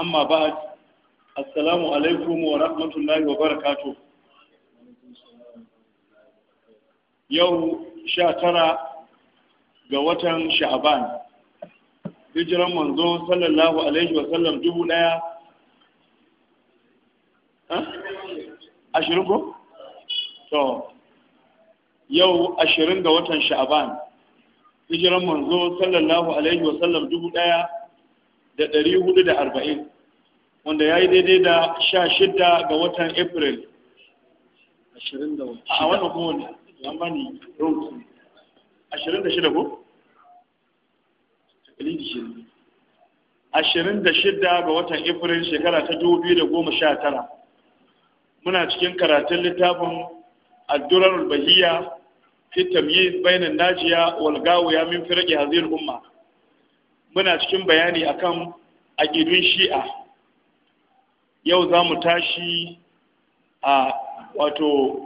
amma ba assalamu alaikum wa rahmatullahi wa barakatu yau sha tara ga watan sha'aban hijiran manzo sallallahu alaihi wa sallam dubu daya ashirin ko? to yau ashirin ga watan sha'aban hijiran manzo sallallahu alaihi wa sallam dubu daya da ɗari hudu da arba'in wanda ya yi daidai da sha shida ga watan april ashirin da a wannan kuma wani lamani rotu ashirin da shida ko? ashirin da shida ga watan april shekara ta dubu biyu da goma sha tara muna cikin karatun littafin addurar bahiya fi yi bainan najiya wal ya min firage hadhihi umma muna cikin bayani akan aƙidun shi'a yau za mu tashi a wato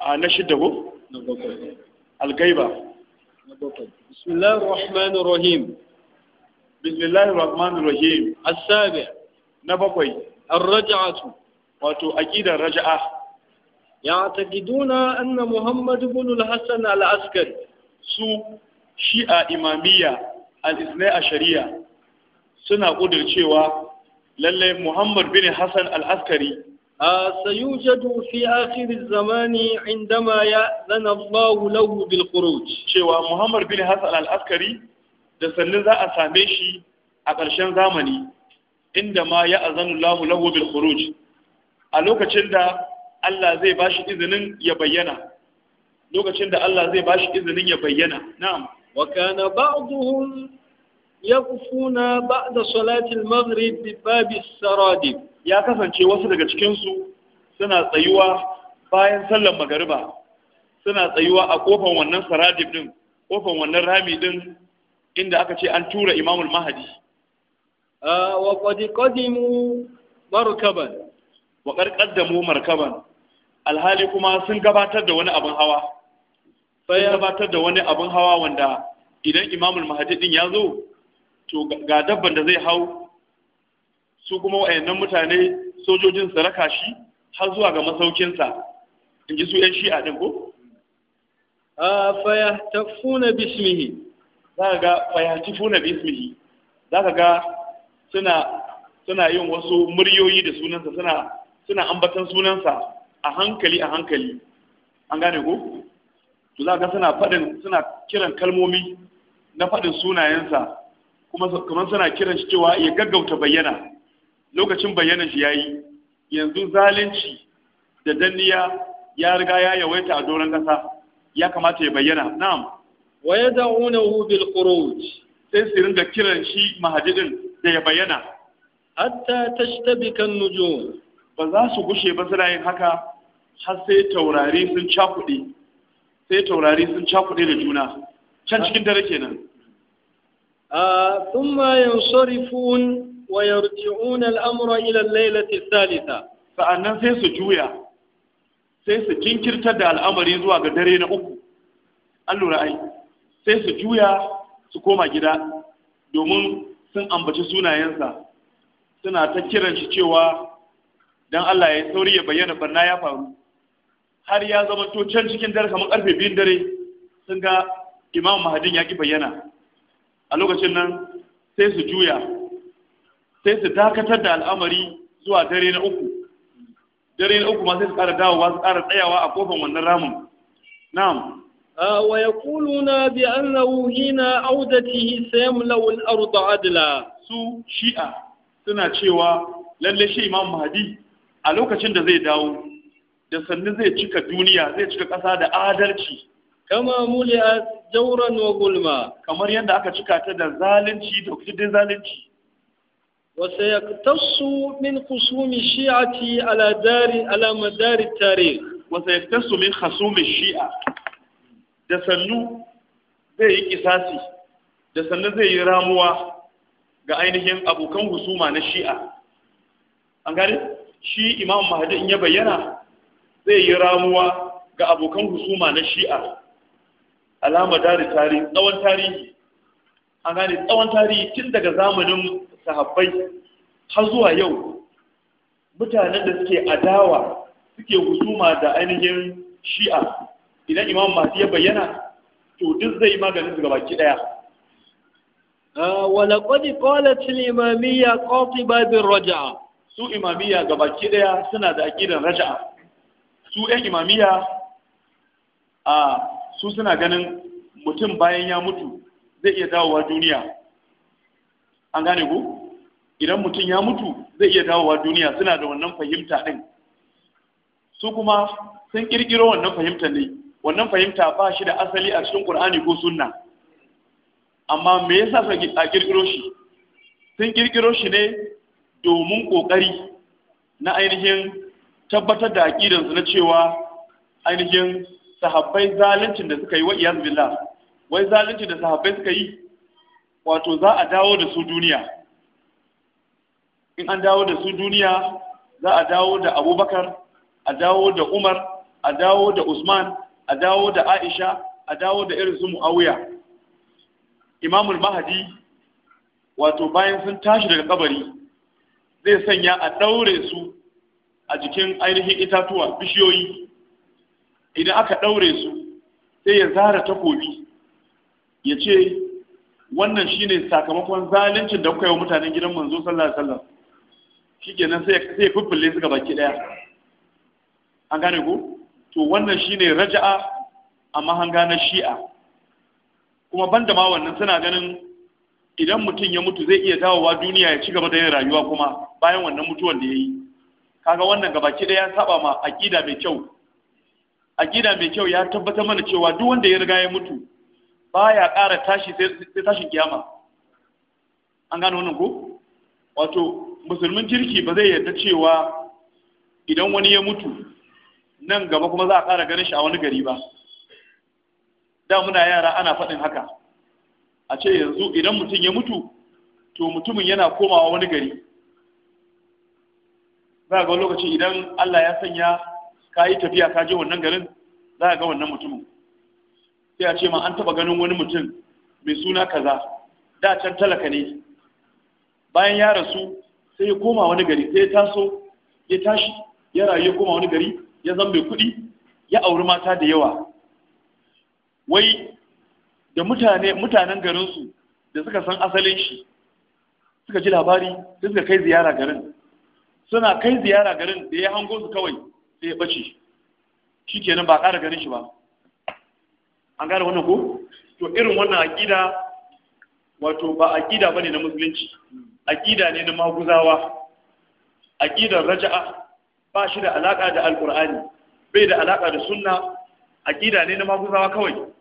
a na shidda ko? algaiba bismillahir rahmanir rahim bismillahir na bakwai ar-raj'atu wato aqidar raj'a giduna anna Muhammadu ibn al-hasan al-askari su shi'a imamiyya al a shari'a suna kudircewa lallai muhammad bin hassan al-askari سيوجد في آخر ya zana يأذن الله له بالخروج شوى محمد بن حسن العسكري da sannin za a same shi a ƙarshen zamani inda ma ya azanu lahu lahu bil khuruj a lokacin da Allah zai bashi izinin ya bayyana lokacin da Allah zai bashi izinin ya bayyana na'am wa kana ba'dhum yakfuna ba'da salati al-maghrib bi babi saradib ya kasance wasu daga cikin su suna tsayuwa bayan sallar magariba suna tsayuwa a kofan wannan saradib din kofan wannan rami din inda aka ce an tura imamul mahadi wa qad qadimu markaban wa qad qaddamu markaban alhali kuma sun gabatar da wani abin hawa sun gabatar da wani abin hawa wanda idan imamul mahadi din ya zo to ga dabban da zai hau su kuma wayannan mutane sojojin su raka shi har zuwa ga masaukinsa in ji su yan shi'a din ko funa bismihi ka ga funa bismihi ka ga suna suna yin wasu muryoyi da sunansa suna suna ambatan sunansa a hankali a hankali an gane ko to za suna faɗin suna kiran kalmomi na faɗin sunayensa kuma suna kiran shi cewa ya gaggauta bayyana lokacin bayyana shi ya yi, yanzu zalunci da danniya ya riga ya yawaita a doron kasa ya kamata ya bayyana na'am wa yad'unahu bil khuruj sai su ringa kiran shi mahadidin da ya bayyana hatta tashtabika an-nujum ba za su gushe ba suna yin haka har sai taurari sun cakuɗe sai taurari sun da juna can cikin dare kenan ثم ينصرفون ويرجعون الأمر إلى الليلة الثالثة فأنا سيسجويا sai su jinkirta da al'amari zuwa ga dare na uku an lura sai su juya su koma gida domin sun ambaci sunayensa suna ta kiran shi cewa don Allah ya sauri ya bayyana barna ya faru har ya zama to can cikin dare kamar karfe biyun dare sun ga imam mahadin ya ki bayyana a lokacin nan sai su juya sai su dakatar da al'amari zuwa dare na uku dare na uku ma sai su ƙara dawowa su ƙara tsayawa a kofan wannan ramin na'am wa na bi rawu hina audatihi sayan lawul ard adla su shi'a suna cewa lalle shi imam mahdi a lokacin da zai dawo da sannu zai cika duniya zai cika ƙasa da adalci kama muliya jauran wa gulma kamar yadda aka cika ta da zalunci da kudin zalunci wa sayaktasu min khusumi shi'ati ala dari ala madari tarikh wa sayaktasu min khusumi shi'a da sannu zai yi kisasi da sannu zai yi ramuwa ga ainihin abokan husuma na shi'a an gani shi imam mahdi in ya bayyana zai yi ramuwa ga abokan husuma na shi'a alama dari tarihi tsawon tarihi an gane tsawon tarihi tun daga zamanin sahabbai har zuwa yau mutanen da suke adawa suke husuma da ainihin shi'a idan imam mahdi ya bayyana to duk zai maganin su gabaki daya ah, qalat ƙwalatin imamiyya qatiba babin raja'a su imamiyya gabaki daya suna da aƙidan raja'a su 'yan imamiyya a ah, su suna ganin mutum bayan ya mutu zai iya dawowa duniya an gane ku idan mutum ya mutu zai iya dawowa duniya suna da wannan fahimta ɗin su kuma sun ƙirƙiro wannan fahimta ne wannan fahimta ba shi da asali a cikin ƙur'ani ko sunna amma me yasa a ƙirƙiro shi sun ƙirƙiro shi ne domin ƙoƙari na ainihin tabbatar da aƙidansu na cewa ainihin sahabbai zaluncin da suka yi wa iyaz billah wai zalunci da sahabbai suka yi wato za a dawo da su duniya in an dawo da su duniya za a dawo da abubakar a dawo da umar a dawo da usman a dawo da aisha a dawo da irin su mu'awiya imamul mahadi wato bayan sun tashi daga kabari zai sanya a daure su a jikin ainihin itatuwa bishiyoyi idan aka ɗaure su sai ya zara takobi ya ce wannan shine sakamakon zalincin da kuka yi wa mutanen gidan manzo sallallahu alaihi wasallam nan sai ya fuffulle su gabaki ɗaya. an gane ku, to wannan shine raja'a amma an gane shi'a kuma ban da ma wannan suna ganin idan mutum ya mutu zai iya dawowa duniya ya ci gaba da yin rayuwa kuma bayan wannan mutuwan da ya yi kaga wannan gabaki ɗaya saba ma aƙida mai kyau A gida mai kyau ya tabbatar mana cewa duk wanda ya riga ya mutu baya ƙara tashi sai tashin kiyama an gano wannan ko wato musulmin kirki ba zai yarda cewa idan wani ya mutu nan gaba kuma za a ƙara ganin shi a wani gari ba da muna yara ana faɗin haka a ce yanzu idan mutum ya mutu to mutumin yana komawa wani gari za a ga lokaci idan Allah ya sanya ka yi tafiya ka je wannan garin za ka ga wannan mutumin sai a ce ma an taba ganin wani mutum mai suna kaza da can talaka ne bayan ya rasu sai ya koma wani gari sai ya taso ya tashi ya rayu ya koma wani gari ya zama kuɗi ya auri mata da yawa wai da mutane mutanen garinsu da suka san asalin shi suka ji labari sai suka kai ziyara garin suna kai ziyara garin da ya hango su kawai sai ya bace shi kenan ba ƙara ganin shi ba an gane wannan ko to irin wannan aƙida wato ba aƙida ne na musulunci aƙida ne na maguzawa aƙidar raja'a ba shi da alaƙa da alƙur'ani bai da alaƙa da sunna aƙida ne na maguzawa kawai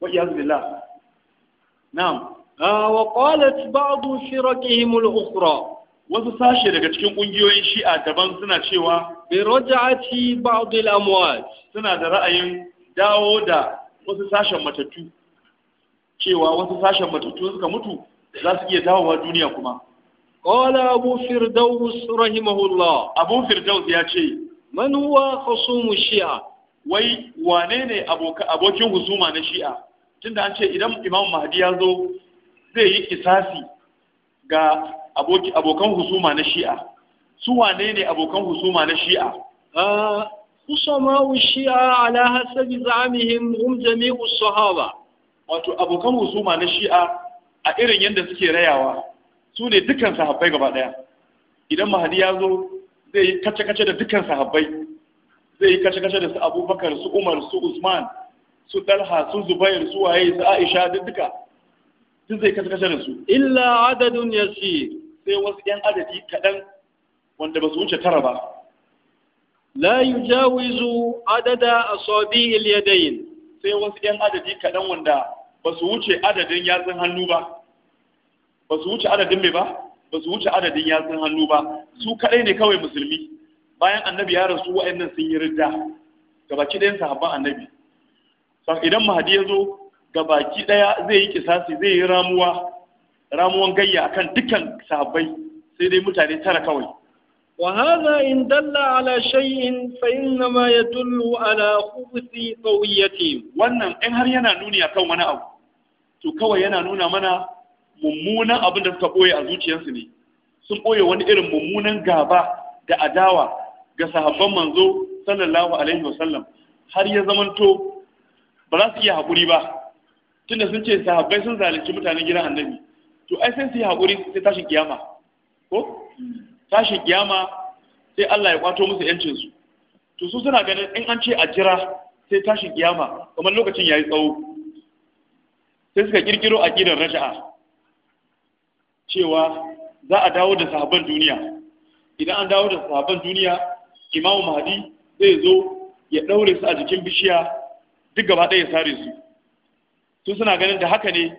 wa iyazu billah na'am ah, wa qalat ba'du shirakihim al-ukhra wasu sashe daga cikin ƙungiyoyin shi'a daban suna cewa bi raja'ati ba'd al-amwat suna da ra'ayin dawo da wasu sashen matattu cewa wasu sashen matattu suka mutu za su iya dawowa duniya kuma Kola abu firdaus rahimahullah abu firdaus ya ce man huwa mu shi'a wai wane ne abokin husuma na shi'a tunda an ce idan imam mahdi ya zo zai yi kisasi ga abokan husuma na shi'a su wane ne abokan husuma na shi'a husama shi'a ala hasabi zamihim hum jami'u sahaba wato abokan husuma na shi'a a irin yadda suke rayawa su ne dukkan sahabbai gaba daya idan mahadi ya zo zai yi kace-kace da dukkan sahabbai zai yi kace-kace da su abubakar su umar su usman su talha su zubair su waye su aisha duk duka duk zai kace-kace da su illa adadun yasir sai wasu ‘yan adadi kaɗan wanda ba su wuce tara ba. La yujawizu adada a sobi iliyadayin sai wasu ‘yan adadi kaɗan wanda ba su wuce adadin yatsun hannu ba. Ba su wuce adadin mai ba? Ba su wuce adadin yatsun hannu ba. Su kaɗai ne kawai musulmi. Bayan annabi ya rasu wa'annan sun yi ridda. Gabaki ɗayan sahabban annabi. Idan mahadi ya zo ga baki ɗaya zai yi kisasi zai yi ramuwa ramuwan gayya akan dukkan sahabbai sai dai mutane tara kawai وهذا إن دل على شيء فإنما يدل على خبث قويتهم wannan in har yana nuni akan wani abu to kawai yana nuna mana mummunan abin da suka boye a zuciyarsu ne sun boye wani irin mummunan gaba da adawa ga sahabban manzo sallallahu alaihi wasallam har ya zamanto ba za su iya haƙuri ba tunda sun ce sahabbai sun zalunci mutanen gidan annabi to ai sai su yi haƙuri sai tashin kiyama ko tashin kiyama sai Allah ya kwato musu yancin su to su suna ganin in an ce a jira sai tashin kiyama kamar lokacin yayi tsawo sai suka kirkiro gidan raja'a cewa za a dawo da sahabban duniya idan an dawo da sahabban duniya imamu mahdi zai zo ya daure su a jikin bishiya duk gaba ɗaya ya sare su su suna ganin da haka ne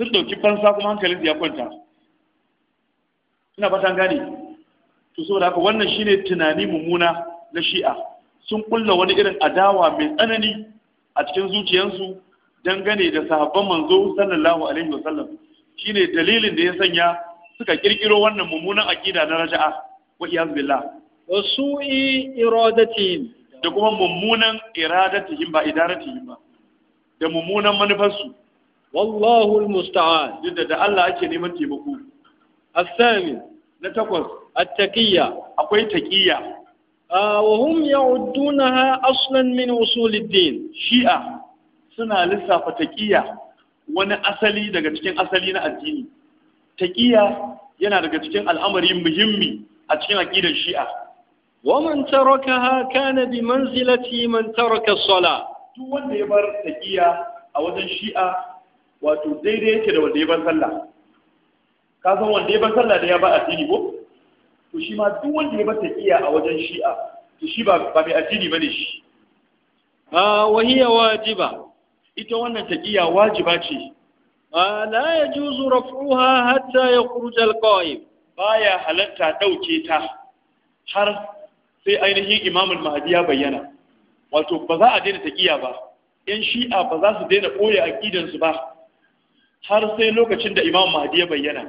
sun dauki fansa kuma hankalin su ya kwanta ina fatan gane to saboda haka wannan shine tunani mummuna na shi'a sun kulla wani irin adawa mai tsanani a cikin zuciyarsu dangane da sahabban manzo sallallahu alaihi wasallam shine dalilin da ya sanya suka kirkiro wannan mummunan aqida na raja'a wa iyaz billah wa su'i iradatihim da kuma mummunan iradatihim ba idaratihim ba da mummunan manufarsu wallahu almusta'an da Allah ake neman taimako asami na takwas a attaqiyya akwai taqiyya ah, wa hum ya'uddunaha aslan min usuliddin shi'a suna lissafa taƙiya wani asali daga cikin asali na addini Taƙiya yana daga cikin al'amari muhimmi a cikin aqidar shi'a wa man tarakaha kana bi manzilati man taraka as-salah duk wanda ya bar taƙiya a wajen shi'a wato daidai yake da wanda ya ban sallah ka san wanda ya ban sallah da ya ba addini ko to shi ma duk wanda ya bar iya a wajen shi'a to shi ba ba mai addini bane shi a wahiya wajiba ita wannan taqiya wajiba ce la yajuzu raf'uha hatta yakhruj al-qa'im baya halatta dauke ta har sai ainihin imamul mahdi ya bayyana wato ba za a daina taqiya ba in shi'a ba za su daina ɓoye aƙidansu ba har sai lokacin da imam mahdi ya bayyana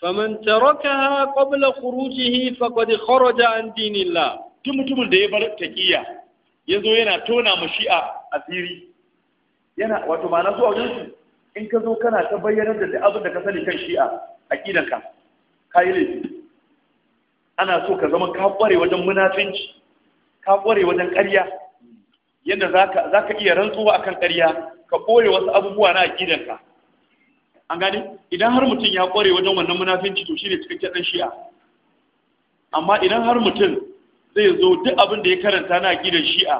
faman tarakaha qabla khurujihi faqad kharaja an dinillah duk mutumin da ya bar taqiya yazo yana tona mashi'a asiri yana wato ma'ana zuwa wajen su in ka zo kana ta bayyanar da abin da ka sani kan shi'a aqidanka kai laifi ana so ka zama ka kware wajen munafinci ka kware wajen ƙarya yadda zaka zaka iya rantsuwa akan ƙarya ka ɓoye wasu abubuwa na aqidanka an gani idan har mutum ya kware wajen wannan munafinci to shine cikakken dan shi'a amma idan har mutum zai zo duk abin da ya karanta na gidan shi'a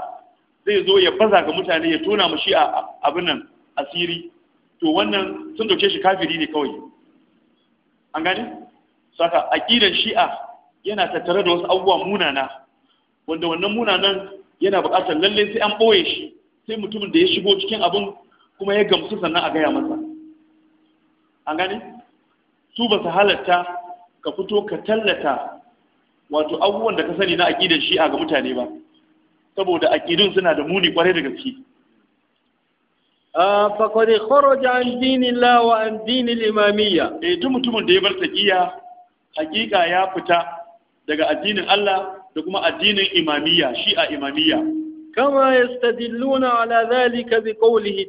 zai zo ya baza ga mutane ya tona mu shi'a abin nan asiri to wannan sun dauke shi kafiri ne kawai an gani saka aqidan shi'a yana tattare da wasu abubuwa munana wanda wannan munanan yana buƙatar lalle sai an boye shi sai mutumin da ya shigo cikin abin kuma ya gamsu sannan a gaya masa an gani su ba su halatta ka fito ka tallata wato abubuwan da ka sani na aƙidar shi'a ga mutane ba saboda aƙidun suna da muni ƙwarai da gaske fakwade kwaroja an dini lawa an dini limamiya eh tun mutumin da ya bar taqiya hakika ya fita daga addinin Allah da kuma addinin imamiyya shi'a imamiyya kama yastadilluna ala zalika bi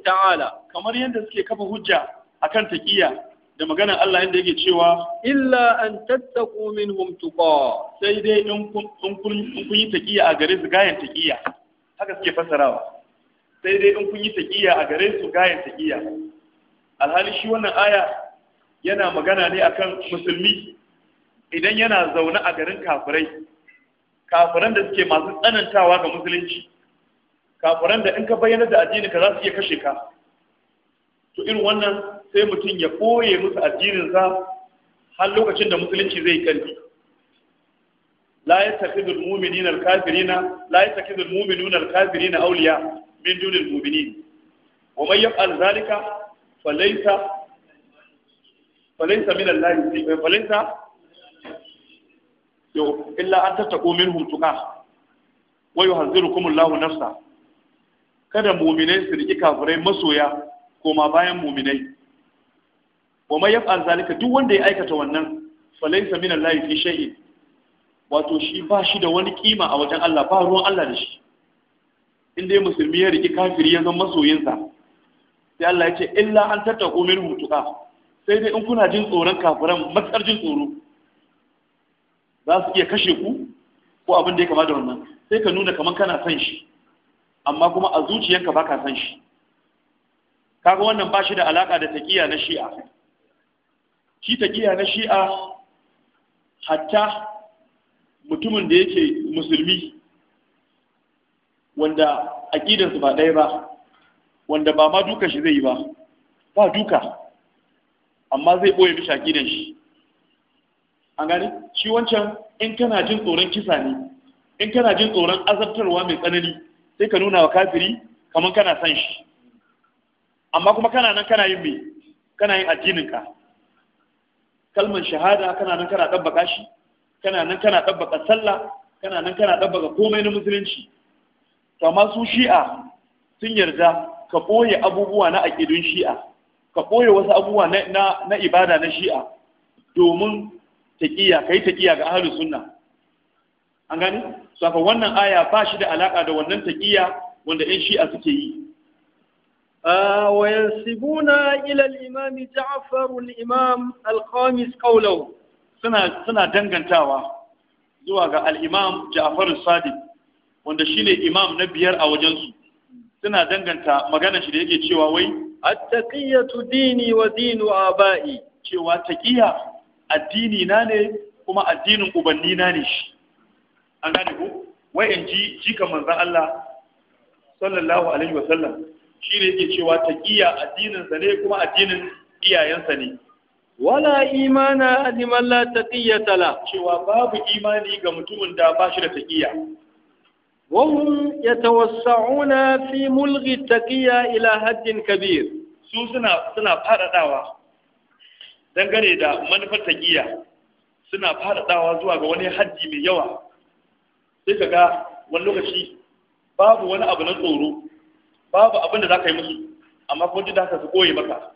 ta'ala kamar yadda suke kafa hujja a kan taƙiya. da maganar Allah inda yake cewa illa an tattaku minhum tuqa sai dai in kun yi taqiya a gare su gayan taqiya haka suke fasarawa sai dai in kun yi taqiya a gare su gayan taqiya alhali shi wannan aya yana magana ne akan musulmi idan yana zaune a garin kafirai kafiran da suke masu tsanantawa ga musulunci kafiran da in ka bayyana da addini ka za su iya kashe ka to irin wannan sai mutum ya koye musu addininsa har lokacin da musulunci zai karfi la yattakhidul mu'minina al-kafirina la yattakhidul mu'minuna al-kafirina awliya min dunil mu'minin wa man yaf'al dhalika falaysa falaysa min Allah falaysa yo illa an tattaqu minhum tuqa wa yuhadhirukum Allahu nafsa kada mu'minai su riki kafirai masoya ko ma bayan mu'minai wa mai yaf'al zalika duk wanda ya aikata wannan falaisa min Allah fi shay'i wato shi ba shi da wani kima a wajen Allah ba ruwan Allah da shi inda ya musulmi ya riki kafiri ya zama masoyinsa sai Allah ya ce illa an tattaku min mutuka sai dai in kuna jin tsoron kafiran matsar jin tsoro za su iya kashe ku ko abin da ya kama da wannan sai ka nuna kamar kana san shi amma kuma a zuciyarka baka san shi kaga wannan ba shi da alaka da taqiya na shi'a shi kiya na shi'a hatta mutumin da yake musulmi wanda aƙidansu ba ɗaya ba wanda ba ma duka shi zai yi ba ba duka amma zai ɓoye mishi aƙidan shi an gani, shi wancan in kana jin tsoron kisa ne in kana jin tsoron azabtarwa mai tsanani sai ka nuna wa kafiri kamar kana san shi amma kuma kana nan kana yin mai kana yin addininka Salman shahada kana nan kana dabbaka shi kana nan kana dabbaka sallah kana nan kana dabbaka komai na musulunci to amma su shi'a sun yarda ka ɓoye abubuwa na aqidun shi'a ka ɓoye wasu abubuwa na na, ibada na shi'a domin taqiya kai taqiya ga ahlus sunna an gani saka wannan aya ba shi da alaka da wannan taƙiya wanda 'yan shi'a suke yi وينسبون إلى الإمام جعفر الإمام الخامس قوله سنة سنة دنجن تاوى زواج الإمام جعفر الصادق wanda shi ne imam na biyar a wajensu suna danganta maganar shi da yake cewa wai attaqiyatu dini wa dinu aba'i cewa taqiya addini na ne kuma addinin ubanni na ne shi an gane ko wai in ji jikan manzon Allah sallallahu alaihi wa sallam shi ne ke cewa ta addinin addininsa ne kuma addinin iyayensa ne wala imana liman la taqiyata tala. cewa babu imani ga mutumin da ba shi da taqiya wa hum yatawassa'una fi mulghi taqiya ila haddin kabir su suna suna dangane da manufar taqiya suna faradawa zuwa ga wani haddi mai yawa sai kaga wani lokaci babu wani abu na tsoro babu abin da za ka yi musu amma kuma duk da haka su koye maka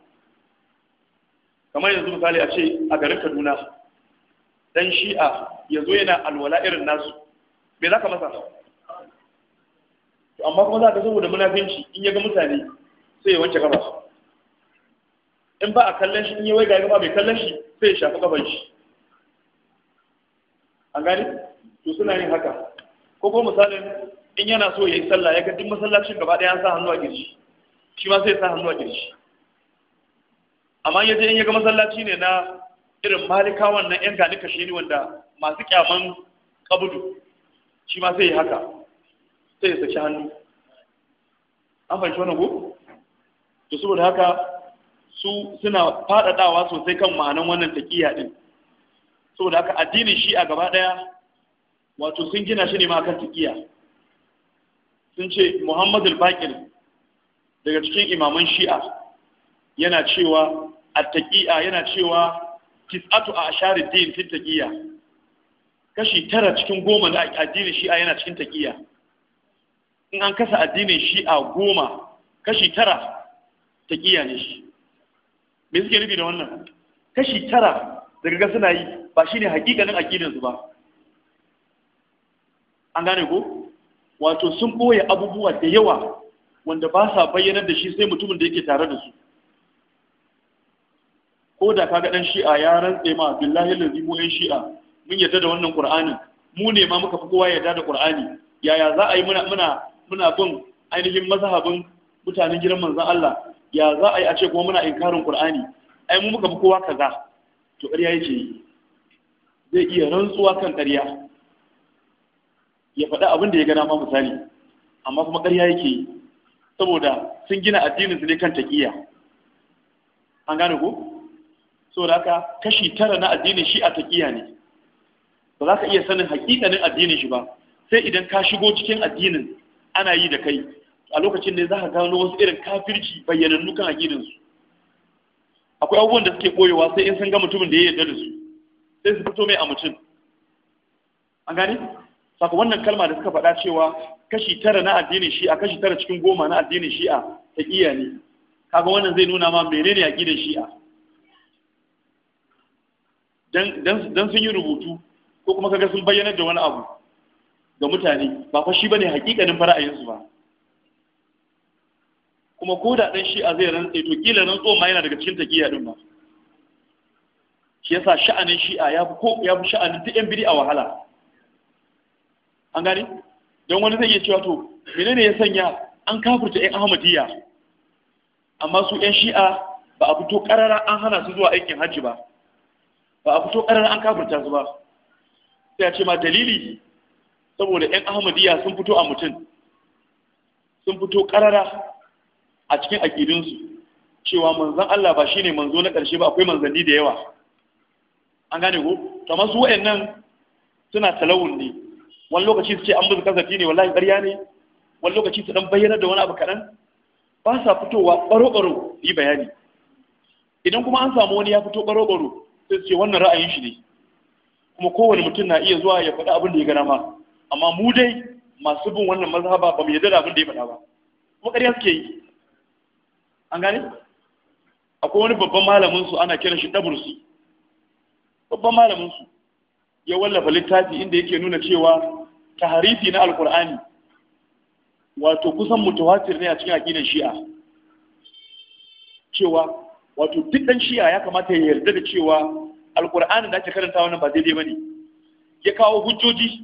kamar yanzu misali a ce a garin kaduna dan shi'a ya zo yana alwala irin nasu me za ka masa amma kuma za ka saboda munafinci in ya ga mutane sai ya wanke gaba in ba a kallon shi in ya waiga gaba mai kallon shi sai ya shafi gaban shi an gani to suna yin haka ko kuma misalin in yana so ya yi sallah ya ga duk masallacin gaba ɗaya ya sa hannu a girshi shi ma sai sa hannu a girshi amma ya je in ya ga masallaci ne na irin malikawan wannan yan gani kashe ni wanda masu kyaman kabudu shi ma sai ya haka sai ya saki hannu an fahimci wani ko to saboda haka su suna faɗaɗawa sosai kan ma'anan wannan taƙiyya ɗin saboda haka addinin shi a gaba ɗaya wato sun gina shi ne ma kan taƙiyya sun ce Muhammadu al-bakir daga cikin imaman shi'a yana cewa taƙi'a yana cewa tis'atu a asharid din fi taqiya kashi tara cikin goma da addinin shi'a yana cikin taƙiya. in an kasa addinin shi'a goma kashi tara taƙiya ne shi me suke nufi da wannan kashi tara daga ga suna yi ba shine hakikanin addinin ba an gane ko wato sun ɓoye abubuwa da yawa wanda ba sa bayyanar da shi sai mutumin da yake tare da su ko da kaga dan shi'a ya rantse ma billahi lazi mu yan shi'a mun yarda da wannan qur'ani mu ne ma muka fi kowa yarda da qur'ani yaya za a yi muna bin ainihin mazhabin mutanen gidan manzan Allah ya za a yi a ce kuma muna inkarin qur'ani ai mu muka fi kowa kaza to ƙarya yake zai iya rantsuwa kan ƙarya ya faɗa abin da ya gana ma misali amma kuma ƙarya yake yi saboda sun gina addinin su ne kan taƙiyya an gane ko saboda haka kashi tara na addinin shi a taƙiyya ne ba za ka iya sanin haƙiƙanin addinin shi ba sai idan ka shigo cikin addinin ana yi da kai a lokacin ne za ka gano wasu irin kafirci bayyanannu kan su akwai abubuwan da suke ɓoyewa sai in sun ga mutumin da ya yarda da su sai su fito mai a mutum an gane saka wannan kalma da suka faɗa cewa kashi tara na addinin shi'a kashi tara cikin goma na addinin shi'a ta iya ne kaga wannan zai nuna ma menene gidan shi'a dan sun yi rubutu ko kuma kaga sun bayyana da wani abu ga mutane ba fa shi bane hakikanin fara'ayinsu ba kuma ko da dan shi'a zai rantsa to kila rantso ma yana daga cikin taqiya din ba shi yasa sha'anin shi'a ya fi ko ya fi sha'anin duk yan biri a wahala an gani don wani zai iya cewa to menene ya sanya an kafurta yan ahmadiyya amma su yan shi'a ba a fito karara an hana su zuwa aikin hajji ba ba a fito karara an kafurta su ba sai a ce ma dalili saboda yan ahmadiyya sun fito a mutum sun fito karara a cikin aƙidinsu cewa manzan Allah ba shine manzo na ƙarshe ba akwai manzanni da yawa an gane ko amma su wa'annan suna talawun ne wani lokaci su ce an musu kasafi ne wallahi ƙarya ne wani lokaci su dan bayyana da wani abu kaɗan ba sa fitowa ɓaro-ɓaro yi bayani idan kuma an samu wani ya fito ɓaro-ɓaro sai su ce wannan ra'ayin shi ne kuma kowane mutum na iya zuwa ya faɗi abin da ya gana ma amma mu dai masu bin wannan mazhaba ba mu yarda da abin da ya faɗa ba kuma ƙarya suke yi an gane akwai wani babban malamin su ana kiran shi dabursi babban malamin su ya wallafa littafi inda yake nuna cewa taharifi na alkur'ani wato kusan mutawatir ne a cikin aqidar shi'a cewa wato duk dan shi'a ya kamata ya yarda da cewa alkurani da ake karanta wannan ba daidai bane ya kawo hujjoji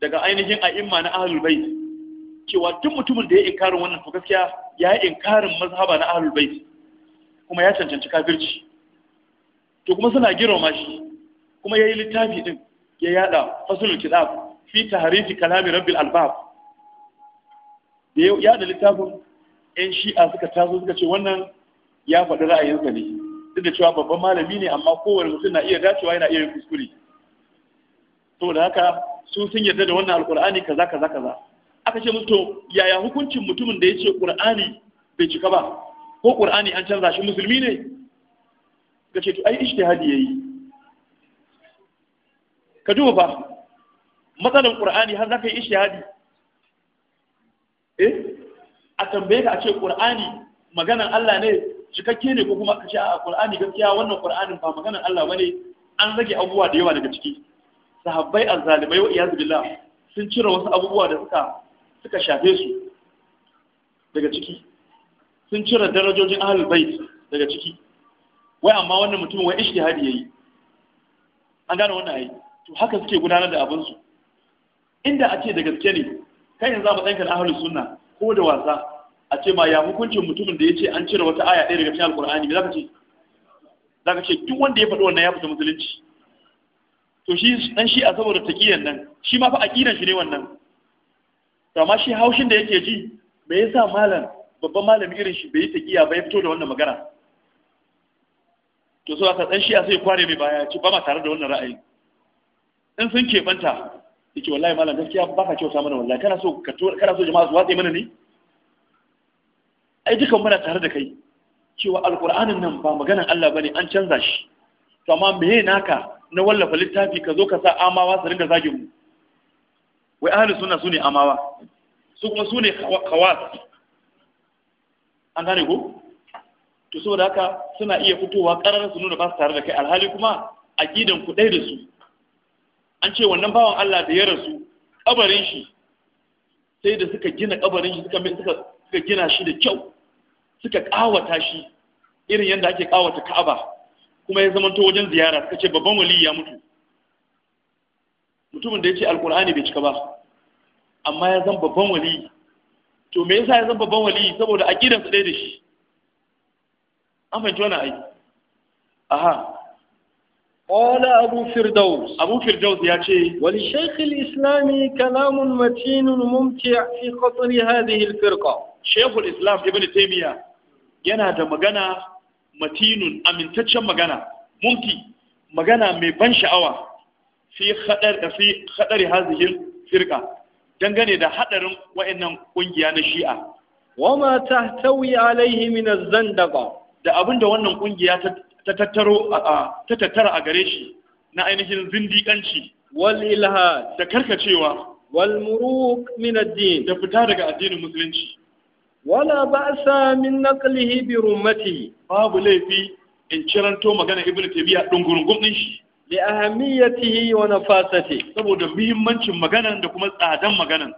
daga ainihin a'imma na ahlul bait cewa duk mutumin da ya inkarin wannan to gaskiya ya yi inkarin mazhaba na ahlul bait kuma ya cancanci kafirci to kuma suna girma shi kuma yayi littafi din ya yada fasulul kitab fi tahrifi kalami rabbil albab da ya da littafin yan shi'a suka taso suka ce wannan ya faɗi ra'ayinsa ne duk da cewa babban malami ne amma kowane mutum na iya dacewa yana iya yin kuskure saboda haka su sun yarda da wannan alkur'ani kaza kaza kaza aka ce musu to yaya hukuncin mutumin da ya ce ƙur'ani bai cika ba ko ƙur'ani an canza shi musulmi ne ka ce to ai ishtihadi yayi ka duba fa matsalan qur'ani har zaka yi ishtihadi eh a tambaye ka a ce ƙur'ani maganan Allah ne cikakke ne ko kuma ka ce a ƙur'ani gaskiya wannan ƙur'anin ba maganan Allah bane an rage abubuwa da yawa daga ciki sahabbai azzalimai wa iyaz billah sun cire wasu abubuwa da suka suka shafe su daga ciki sun cire darajojin ahlul bait daga ciki wai amma wannan mutumin wai ishtihadi yayi an gane wannan ai to haka suke gudanar da abin su inda a ce da gaske ne kai yanzu ba matsayinka na ahlus sunna ko da wasa a ce ma ya hukuncin mutumin da ya ce an cire wata aya ɗaya daga cikin alkur'ani me zaka ce zaka ce duk wanda ya faɗi wannan ya fita musulunci to shi dan shi a saboda taƙiyan nan shi ma fa aqidan shi ne wannan to amma shi haushin da yake ji me yasa malam babban malamin irin shi bai taqiya ba ya fito da wannan magana to so aka dan shi a sai kware mai baya ci ba ma tare da wannan ra'ayi in sun keɓanta yake wallahi malam gaskiya ba ka kyauta mana wallahi kana so kana so jama'a su watsa mana ne ai dukan muna tare da kai cewa alqur'anin nan ba maganan Allah bane an canza shi to amma meye naka na wallafa littafi ka zo ka sa amawa su ringa zagin mu wai ahli sunna sune amawa su kuma sune kawas an gane ko to saboda haka suna iya fitowa ƙarar su nuna ba su tare da kai alhali kuma aqidan ku dai da su an ce wannan bawan Allah da ya rasu kabarin shi sai da suka gina kabarin shi suka gina shi da kyau suka kawata shi irin yadda ake kawata Ka'aba kuma ya to wajen ziyara suka ce babban wali ya mutu mutumin da ya ce alkur'ani bai cika ba amma ya zan babban wali to me yasa ya zan babban wali saboda gidan su ɗaya da shi an fahimci wani aiki aha Ƙwala Abu Firdaus. Abu Firdaus ya ce, Wani Sheikhul Islami kalamun matinun mumti fi khatsari hadhihi al-firqa. Sheikhul Islam Ibn Taymiyyah yana da magana matinun amintaccen magana, mumti magana mai ban sha'awa fi khadar fi khadari hadhihi firqa dangane da haɗarin wa'annan kungiya na Shi'a. Wamata ma Da abinda wannan kungiya ta ta tattara a gare shi na ainihin zindiƙanci wal da karkacewa wal muruk din da fita daga addinin musulunci wala ba'sa min naqlihi bi rummati babu laifi in ciranto magana ibnu tabiya dungurungum din shi li ahamiyatihi wa nafasati saboda muhimmancin maganan da kuma tsadan maganan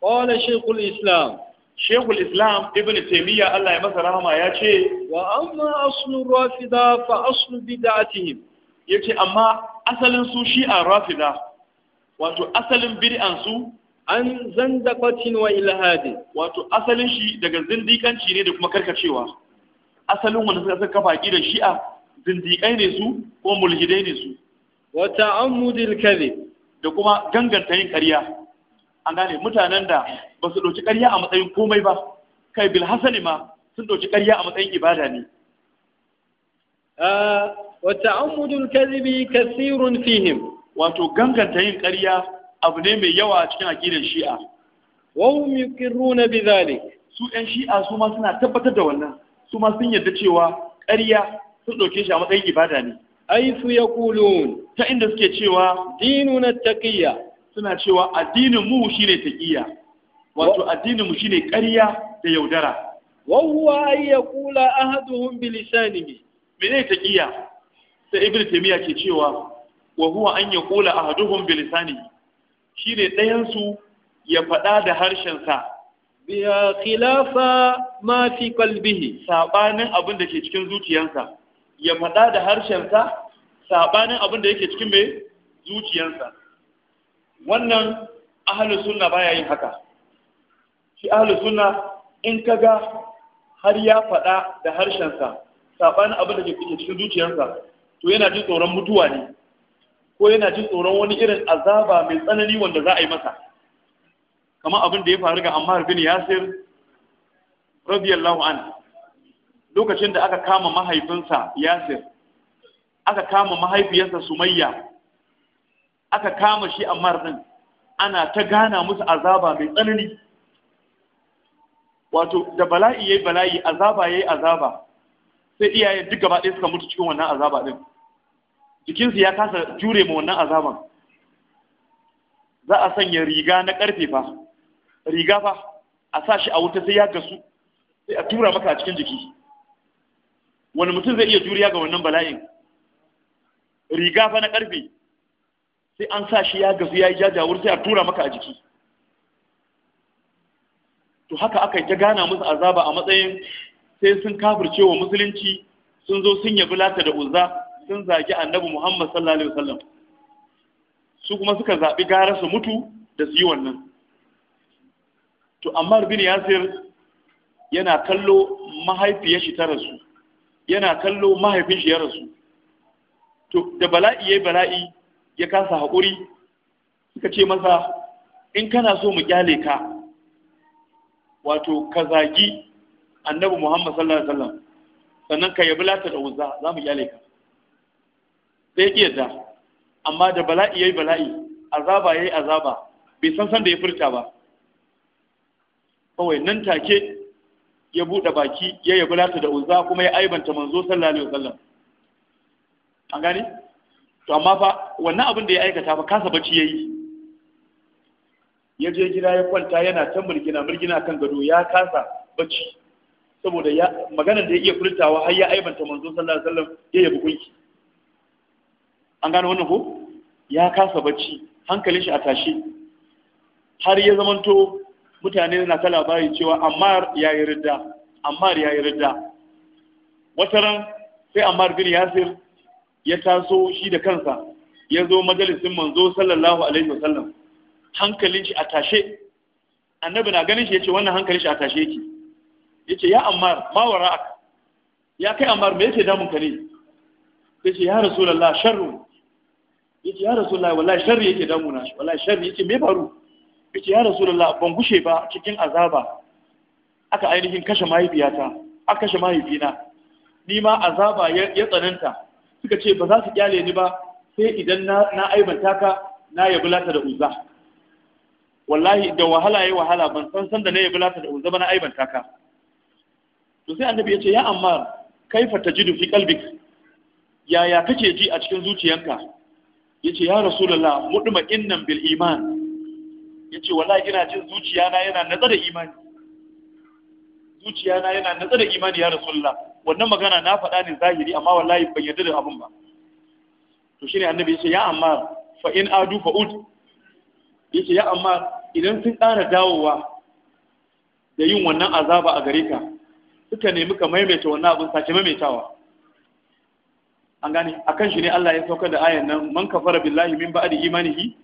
qala shaykhul islam shekul islam ibn taimiyya Allah ya masa rahama ya ce wa amma aslun rafida fa aslu bid'atihim yace amma asalin su shi'a rafida wato asalin bid'an su an zandaqatin wa ilhadi wato asalin shi daga zindikanci ne da kuma karkacewa asalin wanda suka saka faki da shi'a zindikai ne su ko mulhidai ne su wa ta'ammudil kadhib da kuma ganganta yin ƙarya an gane mutanen da ba su ɗauki ƙarya a matsayin komai ba kai bil hasani ma sun ɗauki ƙarya a matsayin ibada ne wa ta'ammudul kadhibi tsirun fihim wato ganganta yin ƙarya abu ne mai yawa cikin aqidar shi'a wa hum yuqirruna bidhalik su ƴan shi'a su ma suna tabbatar da wannan su ma sun yarda cewa ƙarya sun ɗauke shi a matsayin ibada ne aifu yaqulun ta inda suke cewa dinuna taqiyya suna cewa addinin mu shine taqiya wato addinin mu shine ƙarya da yaudara wa ya kula yaqula ahaduhum bi lisanihi mene taqiya sai ibnu taymiya ke cewa wa huwa an kula ahaduhum bi lisanihi shine ɗayan su ya faɗa da harshen sa biya khilafa ma fi qalbihi sabanin abin da ke cikin zuciyarsa ya faɗa da harshen sa sabanin abin da yake cikin mai zuciyarsa wannan ahalus sunna baya yin haka shi ahalus sunna in ka ga har ya faɗa da harshensa saɓanin abin da ke cikin zuciyarsa to yana jin tsoron mutuwa ne ko yana ji tsoron wani irin azaba mai tsanani wanda za a yi masa kamar abin da ya faru ga Ammar bin Yasir radiyallahu an lokacin da aka kama mahaifinsa Yasir aka kama mahaifiyarsa Sumayya aka kama shi a din ana ta gana musu azaba mai tsanani wato da bala'i ya yi bala'i azaba ya yi azaba sai iyayen duk gaba ɗaya suka mutu cikin wannan azaba din jikinsu ya kasa jure ma wannan azaban za a sanya riga na ƙarfe fa riga fa a sa shi a wuta sai ya gasu sai a tura maka a cikin jiki wani mutum zai iya juriya ga wannan bala'in riga fa na ƙarfe sai an sa shi ya gazu ya yi jajawar sai a tura maka a jiki to haka aka yi ta gana musu azaba a matsayin sai sun kafirce wa musulunci sun zo sun yabi lata da uzza sun zagi annabi muhammad sallallahu alaihi wasallam su kuma suka zaɓi gara su mutu da su yi wannan to amma bin yasir yana kallo mahaifiyar shi ta rasu yana kallo mahaifin shi ya rasu to da bala'i yayi bala'i ya kasa haƙuri suka ce masa in kana so mu kyale ka wato ka zagi annabi muhammad sallallahu alaihi wasallam sannan ka yabi lata da uzza za mu kyale ka sai ya yadda amma da bala'i yayi bala'i azaba yayi azaba bai san san da ya furta ba kawai nan take ya buɗe baki ya yabi lata da uzza kuma ya aibanta manzo sallallahu alaihi wasallam an gane to amma fa wannan abin da ya aikata fa kasa bacci yayi ya je gida ya kwanta yana ta mulgina mulgina kan gado ya kasa bacci saboda ya maganar da ya iya furtawa har ya aibanta manzo sallallahu alaihi wasallam ya yabi kunki an gano wannan ko ya kasa bacci hankalin shi a tashi har ya zamanto mutane na ta labari cewa Ammar ya yi ridda Ammar ya yi ridda wata ran sai Ammar bin Yasir ya taso shi da kansa ya zo majalisin manzo sallallahu alaihi wasallam hankalin shi a tashe annabi na ganin shi yace wannan hankalin shi a tashe yake yace ya ammar ma wara'ak ya kai ammar me yake damun ka ne yace ya rasulullah sharru yace ya rasulullah wallahi sharri yake damuna wallahi sharri yace me faru yace ya rasulullah ban gushe ba cikin azaba aka ainihin kashe mahaifiyata aka kashe mahaifina ni ma azaba ya tsananta suka ce ba za su kyale ni ba sai idan na aibanta ka na yabi lata da uzza wallahi da wahala yayi wahala ban san san da na yabi lata da uzza ba na aibanta ka to sai annabi ya ce ya amma kaifa tajidu fi qalbik yaya kake ji a cikin zuciyanka yace ya rasulullah mudma innan bil iman yace wallahi ina jin zuciyana yana natsa da imani zuciyana yana natsa da imani ya rasulullah wannan magana na faɗa ne zahiri amma wallahi ban yarda da abin ba to shine annabi yace ya amma fa in adu fa ud yace ya amma idan sun ƙara dawowa da yin wannan azaba a gare ka suka nemi ka maimaita wannan abin sake maimaitawa an gane akan shi ne Allah ya saukar da ayan nan man kafara billahi min ba'di imanihi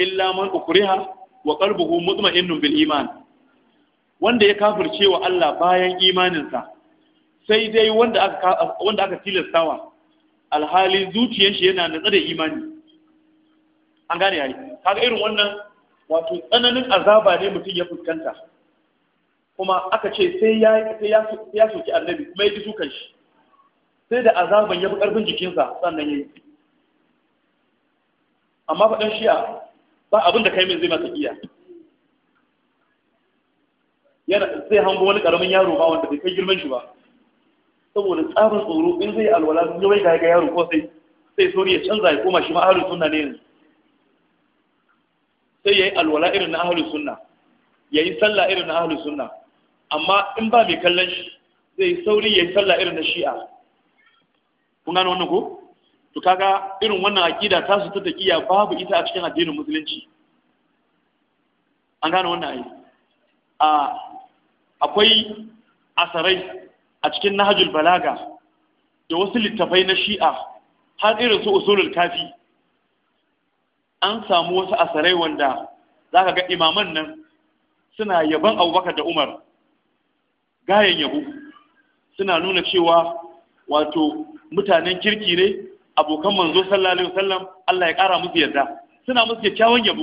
illa man ukriha wa qalbuhu mutma'innun bil iman wanda ya kafirce wa Allah bayan imaninsa sai dai wanda aka tilastawa alhali zuciyar shi yana da tsare imani an gane yayi kaga irin wannan wato tsananin azaba ne mutum ya fuskanta kuma aka ce sai ya sai soki annabi kuma ya ji sukan shi sai da azaban ya fi karfin jikinsa sannan ya yi. amma faɗin shi'a ba abin da kaimin zai maka iya yana zai hango wani ƙaramin yaro ba wanda bai kai girman shi ba saboda tsarin tsoro in zai alwala yi ga yaro ko sai sai sori ya canza ya koma shi ma ahlus sunna ne yanzu sai yi alwala irin na ahlus sunna yi sallah irin na ahlus sunna amma in ba mai kallon shi zai sauri yi sallah irin na shi'a kun gano wannan ko to kaga irin wannan aqida ta su ta taqiya babu ita a cikin addinin musulunci an gano wannan ai a akwai asarai a cikin nahajul balaga da wasu littafai na shi'a har irin su usulul kafi an samu wasu asarai wanda za ka ga imaman nan suna yaban abubakar da umar gayan yabo suna nuna cewa wato mutanen kirki ne abokan manzo sallallahu alaihi wasallam Allah ya kara musu yarda suna musu kyakkyawan yabo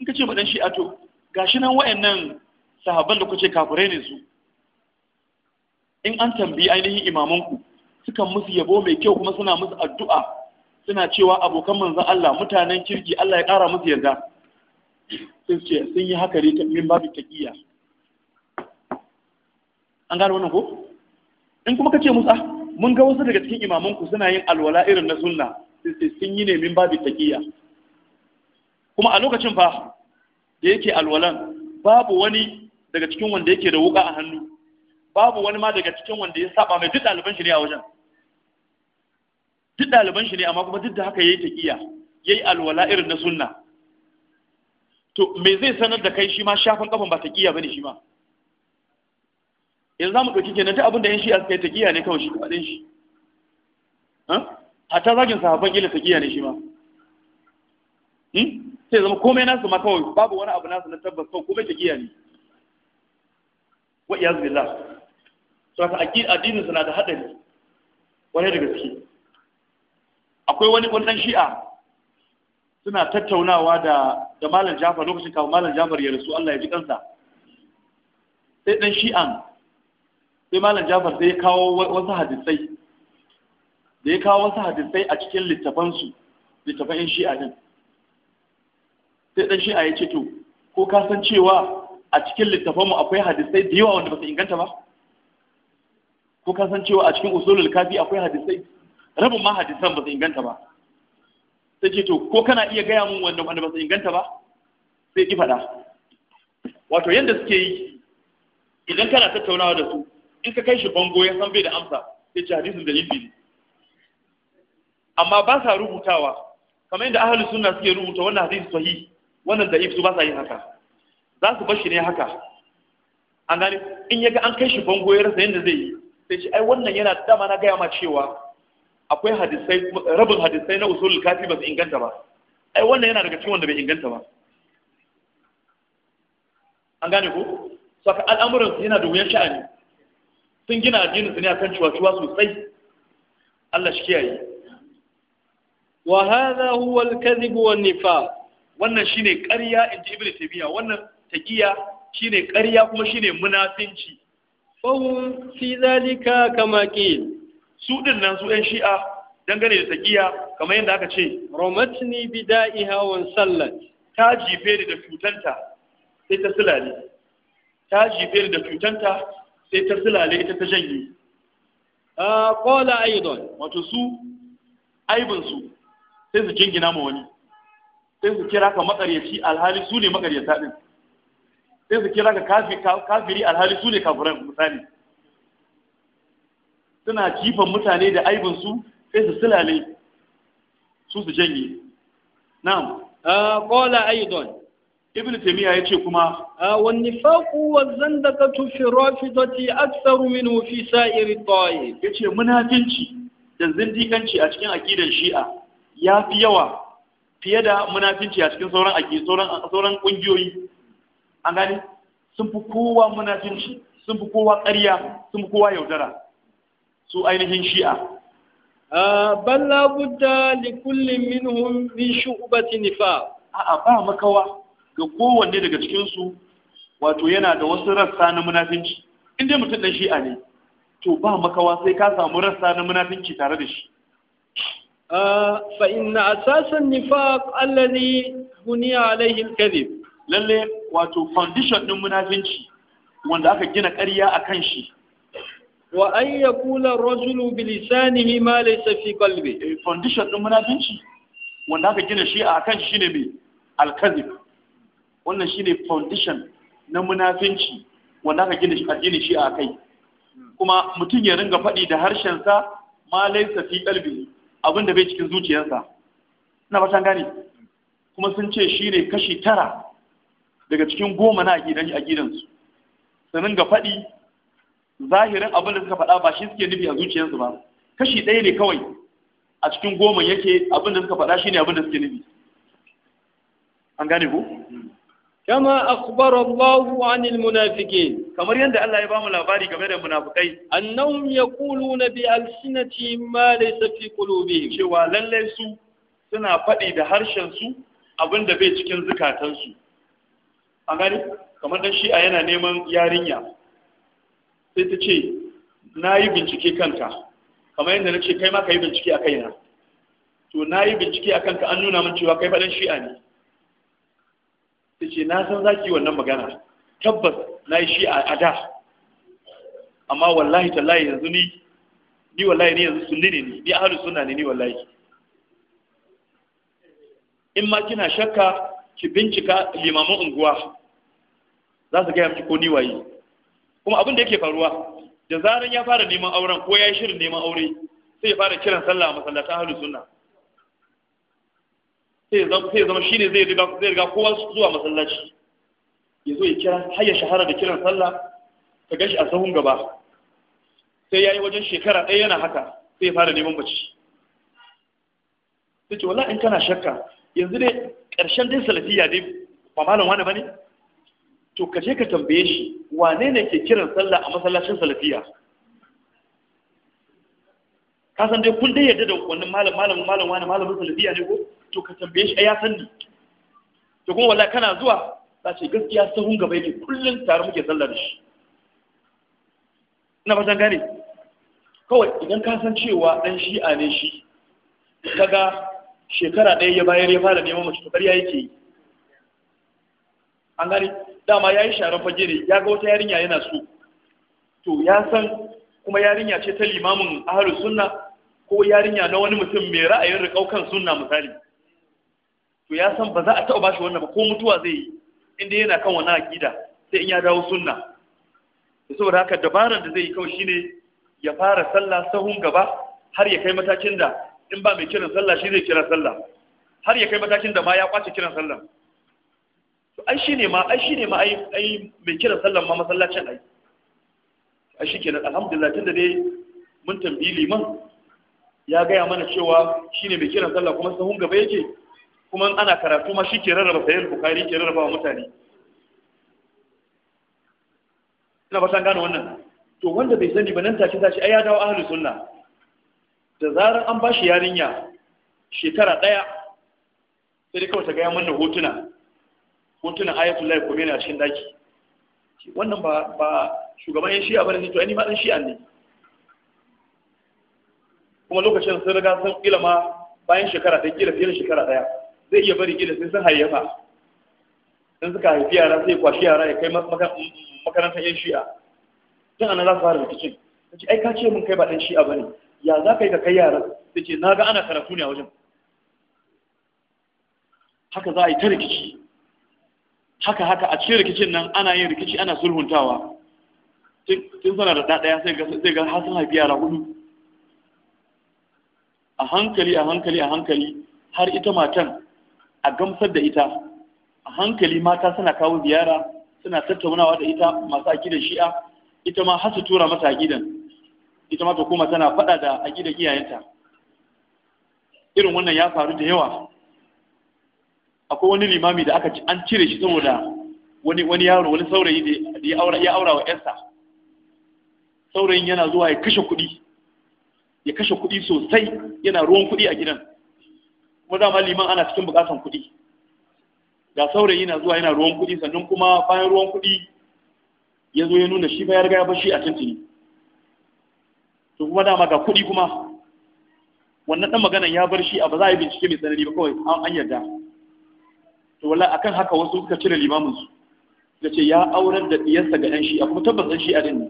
in ka ce ma shi shi'a to gashi nan wayannan sahabban da kuke kafirai ne su in an tambayi ainihin imamanku suka musu yabo mai kyau kuma suna musu addu'a suna cewa abokan manzon Allah mutanen kirki Allah ya ƙara musu yarda sun ce sun yi haka ne min babu taqiya an gano wannan ko in kuma kace musa ah, mun ga wasu daga cikin imamanku suna yin alwala irin na sunna sun yi ne min babu taqiya kuma a lokacin fa da yake alwalan babu wani daga cikin wanda yake da wuka a hannu babu wani ma daga cikin wanda ya saba mai duk ɗaliban shi ne a wajen duk ɗaliban shi ne amma kuma duk da haka yayi taqiya yayi alwala irin na sunna to me zai sanar da kai shi ma shafin kafan ba ta taqiya bane shi ma yanzu za mu ɗauki kenan duk abin da yan shi a kai taqiya ne kawai shi din shi hatta zagin sahabban ila taqiya ne shi ma hmm? sai zama komai nasu ma kawai babu wani abu nasu na tabbas kawai komai ta taqiya ne wa iyaz billah to haka addinin suna da hadari wani da gaske akwai wani ɗan shi'a suna tattaunawa da da malam Jafar lokacin kafin malam Jafar ya rasu Allah ya ji kansa sai dan shi'an sai malam Jafar sai ya kawo wasu hadisai da ya kawo wasu hadisai a cikin littafansu littafan shi'a din sai dan shi'a ya ce to ko ka san cewa a cikin littafanmu akwai hadisai da yawa wanda ba su inganta ba ko ka san cewa a cikin usulul kafi akwai hadisai rabin ma hadisan ba su inganta ba sai ce to ko kana iya gaya mun wanda wanda ba su inganta ba sai ki faɗa wato yadda suke yi idan kana tattaunawa da su in ka kai shi bango ya san bai da amsa sai ce hadisin da ne amma ba sa rubutawa kamar yadda ahalus sunna suke rubuta wannan hadisi sahih wannan da su ba sa yin haka za su bar shi ne haka an gane in yaga an kai shi bango ya rasa yadda zai yi sai ce ai wannan yana dama na gaya ma cewa akwai hadisai rabin hadisai na usul kafi ba su inganta ba ai wannan yana daga cikin wanda bai inganta ba an gane ko saka al'amuran su yana da wuyan sha'ani sun gina addinin su ne akan cewa ciwa sosai Allah shi kiyaye wa hadha huwa al-kadhib wa nifaq wannan shine ƙarya inji ibnu tabiya wannan taqiya shine ƙarya kuma shine munafinci fahun fi zalika kama qil su nan su ɗan shi'a dangane da taqiya kamar yadda aka ce bi da’i hawan sallat ta jife da cutanta sai ta sulale ta jife da cutanta sai ta sulale ita ta janye kola aidon wato su aibinsu sai su jingina ma wani sai su kira ka makaryaci alhali su ne makaryata ɗin sai su kira ka kafiri alhali su ne kafiran misali suna jifan mutane da aibinsu sai su silale su su janye na'am kola ah, aidon ibn ya ce kuma ah, wan nifaqu waz ka fi rafidati aktharu minhu fi sa'iri Ya yace munafinci da zindikanci a cikin akidan shi'a ya fi yawa fiye da munafinci a cikin sauran ƙungiyoyi an gani sun fi kowa munafinci sun fi kowa ƙarya sun fi kowa yaudara su ainihin shi'a A la budda li kulli minhum min shu'bati nifaq a'a ba makawa ga kowanne daga cikin su wato yana da wasu rassa na munafinci in dai mutum dan shi'a ne to ba makawa sai ka samu rassa na munafinci tare da shi fa inna asasan nifaq alladhi buniya alayhi al lalle wato foundation din munafinci wanda aka gina ƙarya a kan shi wa an ya kula rajulu bi lisanihi ma laysa fi qalbi eh, foundation din munafinci wanda aka gina shi a kan shi ne mai alkazib wannan shine foundation na munafinci wanda aka gina shi a gina shi a kai kuma mutum ya ringa faɗi da harshen sa ma laysa fi qalbi abinda bai cikin zuciyarsa ina ba gane kuma sun ce shi ne kashi tara daga cikin goma na a gidansu. su ga faɗi zahirin abin da suka faɗa ba shi suke nufi a zuciyarsu ba kashi ɗaya ne kawai a cikin goma yake abin da suka faɗa shi ne abin da suke nufi an gane ku kama akhbara Allahu 'anil munafiqin kamar yadda Allah ya ba mu labari game da munafikai annahum yaquluna bi alsinatihim ma laysa fi qulubihim cewa lallai su suna faɗi da harshen su abin da bai cikin zukatansu an gani kamar dan shi'a yana neman yarinya sai ta ce na yi bincike kanka kamar yadda na ce kai ma ka yi bincike a kaina to na yi bincike a kanka an nuna min cewa kai faɗin shi'a ne ta ce na san za ki wannan magana tabbas na yi shi'a a da amma wallahi tallahi yanzu ni ni wallahi ni yanzu sunni ne ni ni ahlu sunna ne ni wallahi in ma kina shakka ki bincika limamin unguwa za su gaya miki ko ni waye kuma abin da yake faruwa da zaran ya fara neman auren ko ya yi shirin neman aure sai ya fara kiran sallah a masallatan ahlus sunna sai ya zama shine zai riga zai riga kowa zuwa masallaci ya zo ya kira har ya shahara da kiran sallah ka gashi a sahun gaba sai ya yi wajen shekara ɗaya yana haka sai ya fara neman mace sai ce wala in kana shakka yanzu dai ƙarshen dai salafiya dai ba malam wani bane to ka je ka tambaye shi wane ne ke kiran sallah a masallacin salafiya ka san dai kun dai yadda da wannan malam malam malam wani malamin salafiya ne ko to ka tambaye shi a ya san to kuma wallahi kana zuwa za ce gaskiya sahun gaba yake kullum tare muke sallah da shi ina fatan gane kawai idan ka san cewa dan shi'a ne shi kaga shekara ɗaya ya bayar ya fara neman mace ta ƙarya yake yi an gane dama ya yi sharan fage ne ya ga wata yarinya yana so to ya san kuma yarinya ce ta limamin ahalus sunna ko yarinya na wani mutum mai ra'ayin riƙau kan sunna misali to ya san ba za a taɓa bashi wannan ba ko mutuwa zai yi inda yana kan wani akida sai in ya dawo sunna da saboda haka dabaran da zai yi kawai shine ya fara sallah sahun gaba har ya kai matakin da in ba mai kiran sallah shi zai kira sallah har ya kai matakin da ma ya kwace kiran sallah ai shine ma ai shine ma ai ai mai kira sallan ma masallacin ai ai shikenan alhamdulillah tunda dai mun tambayi liman ya gaya mana cewa shine mai kiran sallah kuma sahun gaba yake kuma ana karatu ma shi ke rarraba sayar bukari ke rarraba wa mutane ina fatan gane wannan to wanda bai sani ba nan take sashi ai ya dawo ahlus sunna da zarar an bashi yarinya shekara daya sai dai kawai ta gaya mana hotuna hotunan ayatul lahi kuma a cikin daki wannan ba ba shugaban yan shi'a bane to ai ni ma dan shi'a ne kuma lokacin sun riga sun ma bayan shekara ɗaya kila fiye da shekara ɗaya zai iya bari kila sai sun hayyafa in suka haifi yara sai kwashi yara ya kai makarantar yan shi'a tun ana za su fara rikicin ta ce ai ka ce mun kai ba ɗan shi'a ba ne ya za ka yi ka kai yara? ta ce na ga ana karatu ne a wajen haka za a yi ta rikici haka haka a cikin rikicin nan ana yin rikici ana sulhuntawa tun sana da ɗaya sai ga hasan haifi yara hudu a hankali a hankali a hankali har ita matan a gamsar da ita a hankali mata suna kawo ziyara suna tattaunawa da ita masu akidan shi'a ita ma har su tura mata akidan ita ma ta koma tana faɗa da akidan iyayenta irin wannan ya faru da yawa akwai wani limami da aka an cire shi saboda wani wani yaro wani saurayi da ya aura ya aura wa ƴarsa saurayin yana zuwa ya kashe kuɗi ya kashe kuɗi sosai yana ruwan kuɗi a gidan kuma dama liman ana cikin buƙatan kuɗi ga saurayi yana zuwa yana ruwan kuɗi sannan kuma bayan ruwan kuɗi ya zo ya nuna shi fa ya bashi a tantini to kuma dama ga kuɗi kuma wannan ɗan maganan ya bar shi a ba za a yi bincike mai tsanani ba kawai an yarda to wallahi akan haka wasu suka cire limamin su suka ce ya aurar da diyarsa ga ɗan shi'a kuma tabbas ɗan shi'a din ne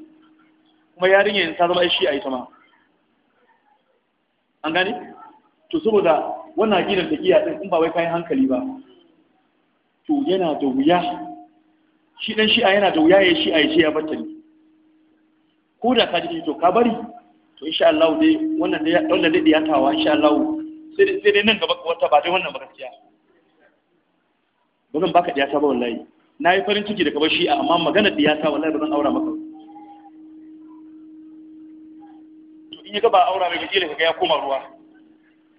kuma yarinya yanzu ta zama a shi'a ita ma an gane to saboda wannan gidan ta iya ɗin in ba wai kayan hankali ba to yana da wuya shi ɗan shi'a yana da wuya ya shi'a ya ce ya batta ko da ka ji to ka bari to insha Allah dai wannan dai ya tawa insha Allah sai dai nan gaba wata ba dai wannan ba gaskiya ba zan baka sa ba wallahi na yi farin ciki da ka bar shi'a amma magana sa wallahi ba zan aura maka to in yi gaba ba aura mai gajiyar kaga ya koma ruwa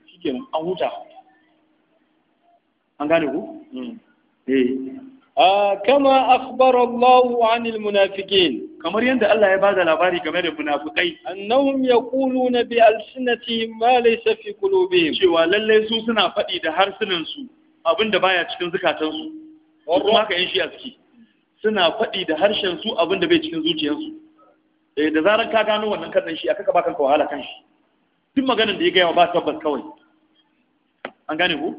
shikenan an huta an gane ku hmm. eh kama akhbara Allahu 'anil munafiqin kamar yadda Allah ya ba da labari game da munafukai annahum yaquluna bi alsinatihim ma laysa fi qulubihim cewa lalle su suna faɗi da harsunan su abin da baya cikin su kuma haka yan shi'a suke suna faɗi da harshen su abin da bai cikin zuciyarsu eh da zarar ka gano wannan kan shi aka baka kanka wahala kan shi duk maganar da ya gaya ba tabbas kawai an gane ku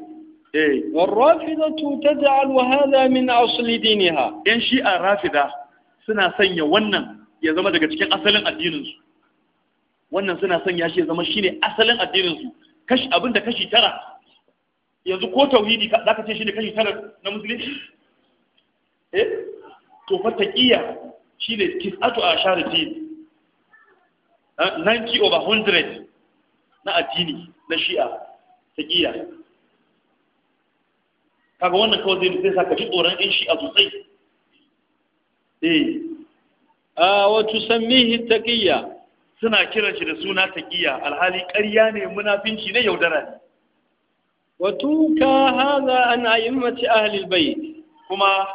eh warrafidatu taj'al wa hada min asl dinha yan shi'a rafida suna sanya wannan ya zama daga cikin asalin addinin su wannan suna sanya shi ya zama shine asalin addinin su kashi abinda kashi tara yanzu ko tauhidi za ka ce shi ne kashi tara na musulunci eh to fa taqiya shi ne tis'atu asharati 90 over 100 na addini na shi'a taqiya kaga wannan kawai zai zai saka ji tsoron yan shi'a sosai eh a wato sammihi taqiya suna kiran shi da suna taqiya alhali ƙarya ne munafinci ne yaudara ne watuka haza an a'immati ahli albayt kuma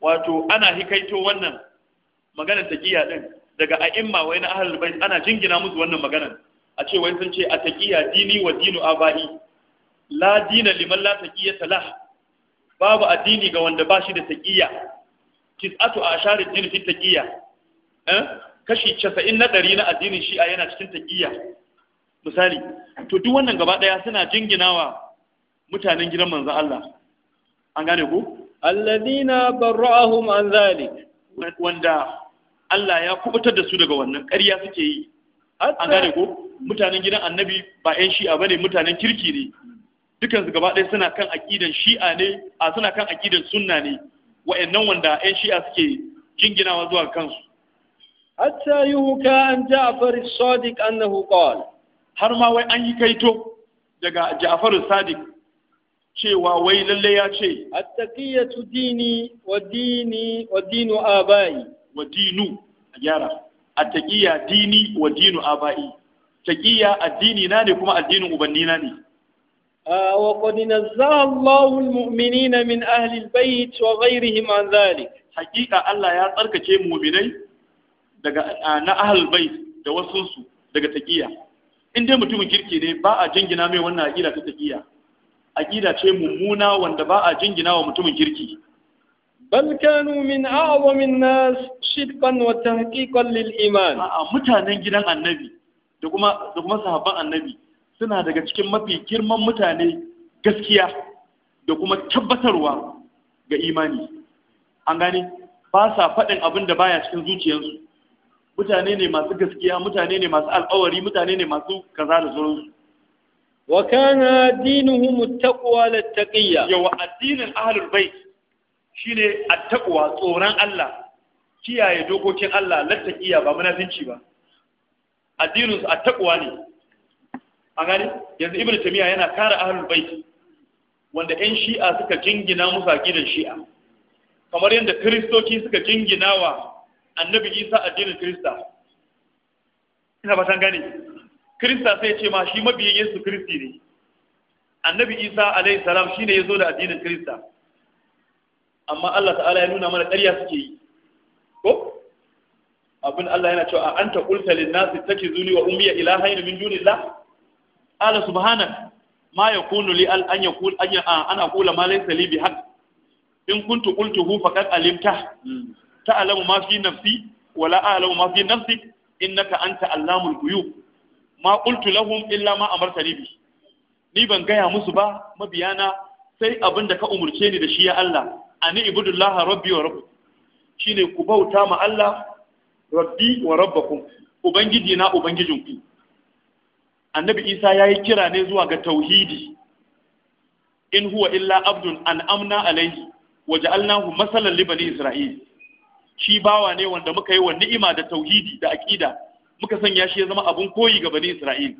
wato ana hikaito wannan maganar taqiya din daga a'imma wai na ahli albayt ana jingina musu wannan magana a ce wai sun ce a taqiya dini wa dinu abai la dina liman la taqiya salah babu addini ga wanda ba shi da taqiya tis'atu asharid din fi taqiya eh kashi 90 na ɗari na addinin shi'a yana cikin taqiya misali to duk wannan gaba daya suna jinginawa mutanen gidan manzon Allah an gane ku alladina barra'ahum an zalik wanda Allah ya kubutar da su daga wannan ƙarya suke yi an gane ku? mutanen gidan annabi ba 'yan shi'a bane mutanen kirki ne dukansu gaba ɗaya suna kan aƙidan shi'a ne a suna kan aƙidan sunna ne wa'annan wanda 'yan shi'a suke jinginawa zuwa kansu hatta ka an ja'far as-sadiq annahu qala har ma wai an yi kaito daga ja'far as-sadiq cewa wai lalle ya ce attaqiyatu dini wa dini wa dinu abai wa dinu a gyara attaqiya dini wa dinu abai taqiya addini na ne kuma addinin ubanni na ne wa qad nazzaha Allahu almu'minina min ahli albayt wa ghayrihim an dhalik haqiqa Allah ya tsarkake mu'minai daga na ahli bayt da wasunsu daga taqiya in dai mutumin kirki ne ba a jingina mai wannan aqida ta taqiya aqida ce mummuna wanda ba a jingina wa mutumin kirki bal kanu min a'zamin nas shidqan wa tahqiqan lil iman a mutanen gidan annabi da kuma da kuma sahabban annabi suna daga cikin mafi girman mutane gaskiya da kuma tabbatarwa ga imani an gane ba sa faɗin abin da baya cikin zuciyarsu mutane ne masu gaskiya mutane ne masu alƙawari mutane ne masu kaza da sauransu wa kana dinuhum at-taqwa lat-taqiyya yawa addinin ahlul bait shine at-taqwa tsoron Allah kiyaye dokokin Allah lat-taqiyya ba munafinci ba addinin su at ne an gani yanzu ibnu tamiya yana kare ahlul bait wanda ƴan shi'a suka jingina musu gidan shi'a kamar yadda Kiristoci suka jingina wa annabi Isa addinin Kirista. ina ba gani. kirista sai ce ma shi mabiyin yesu kiristi ne annabi isa alaihi salam shine ya zo da addinin kirista amma allah ta'ala ya nuna mana ƙarya suke yi ko abin allah yana cewa ta kulta lin nasi zuni wa ummiya ilahayn min dunillah ala subhana ma yakunu li al an yaqul an ana qula ma laysa li bihaq in kuntu qultuhu faqad alimta hmm. ta'lamu ma fi nafsi wala a'lamu ma fi nafsi innaka anta allamul ghuyub ma qultu lahum illa ma amartani bi ni ban gaya musu ba mabiyana sai abin da ka umurce ni da shi ya Allah ani ibudullaha rabbi wa rabbukum shine ku bauta ma Allah rabbi wa rabbakum ubangiji na ubangijinku annabi Isa yayi kira ne zuwa ga tauhidi in huwa illa abdun an'amna alayhi wa ja'alnahu masalan li bani isra'il shi bawa ne wanda muka yi wa ni'ima da tauhidi da aqida muka sanya shi ya zama abun koyi ga bani Isra'il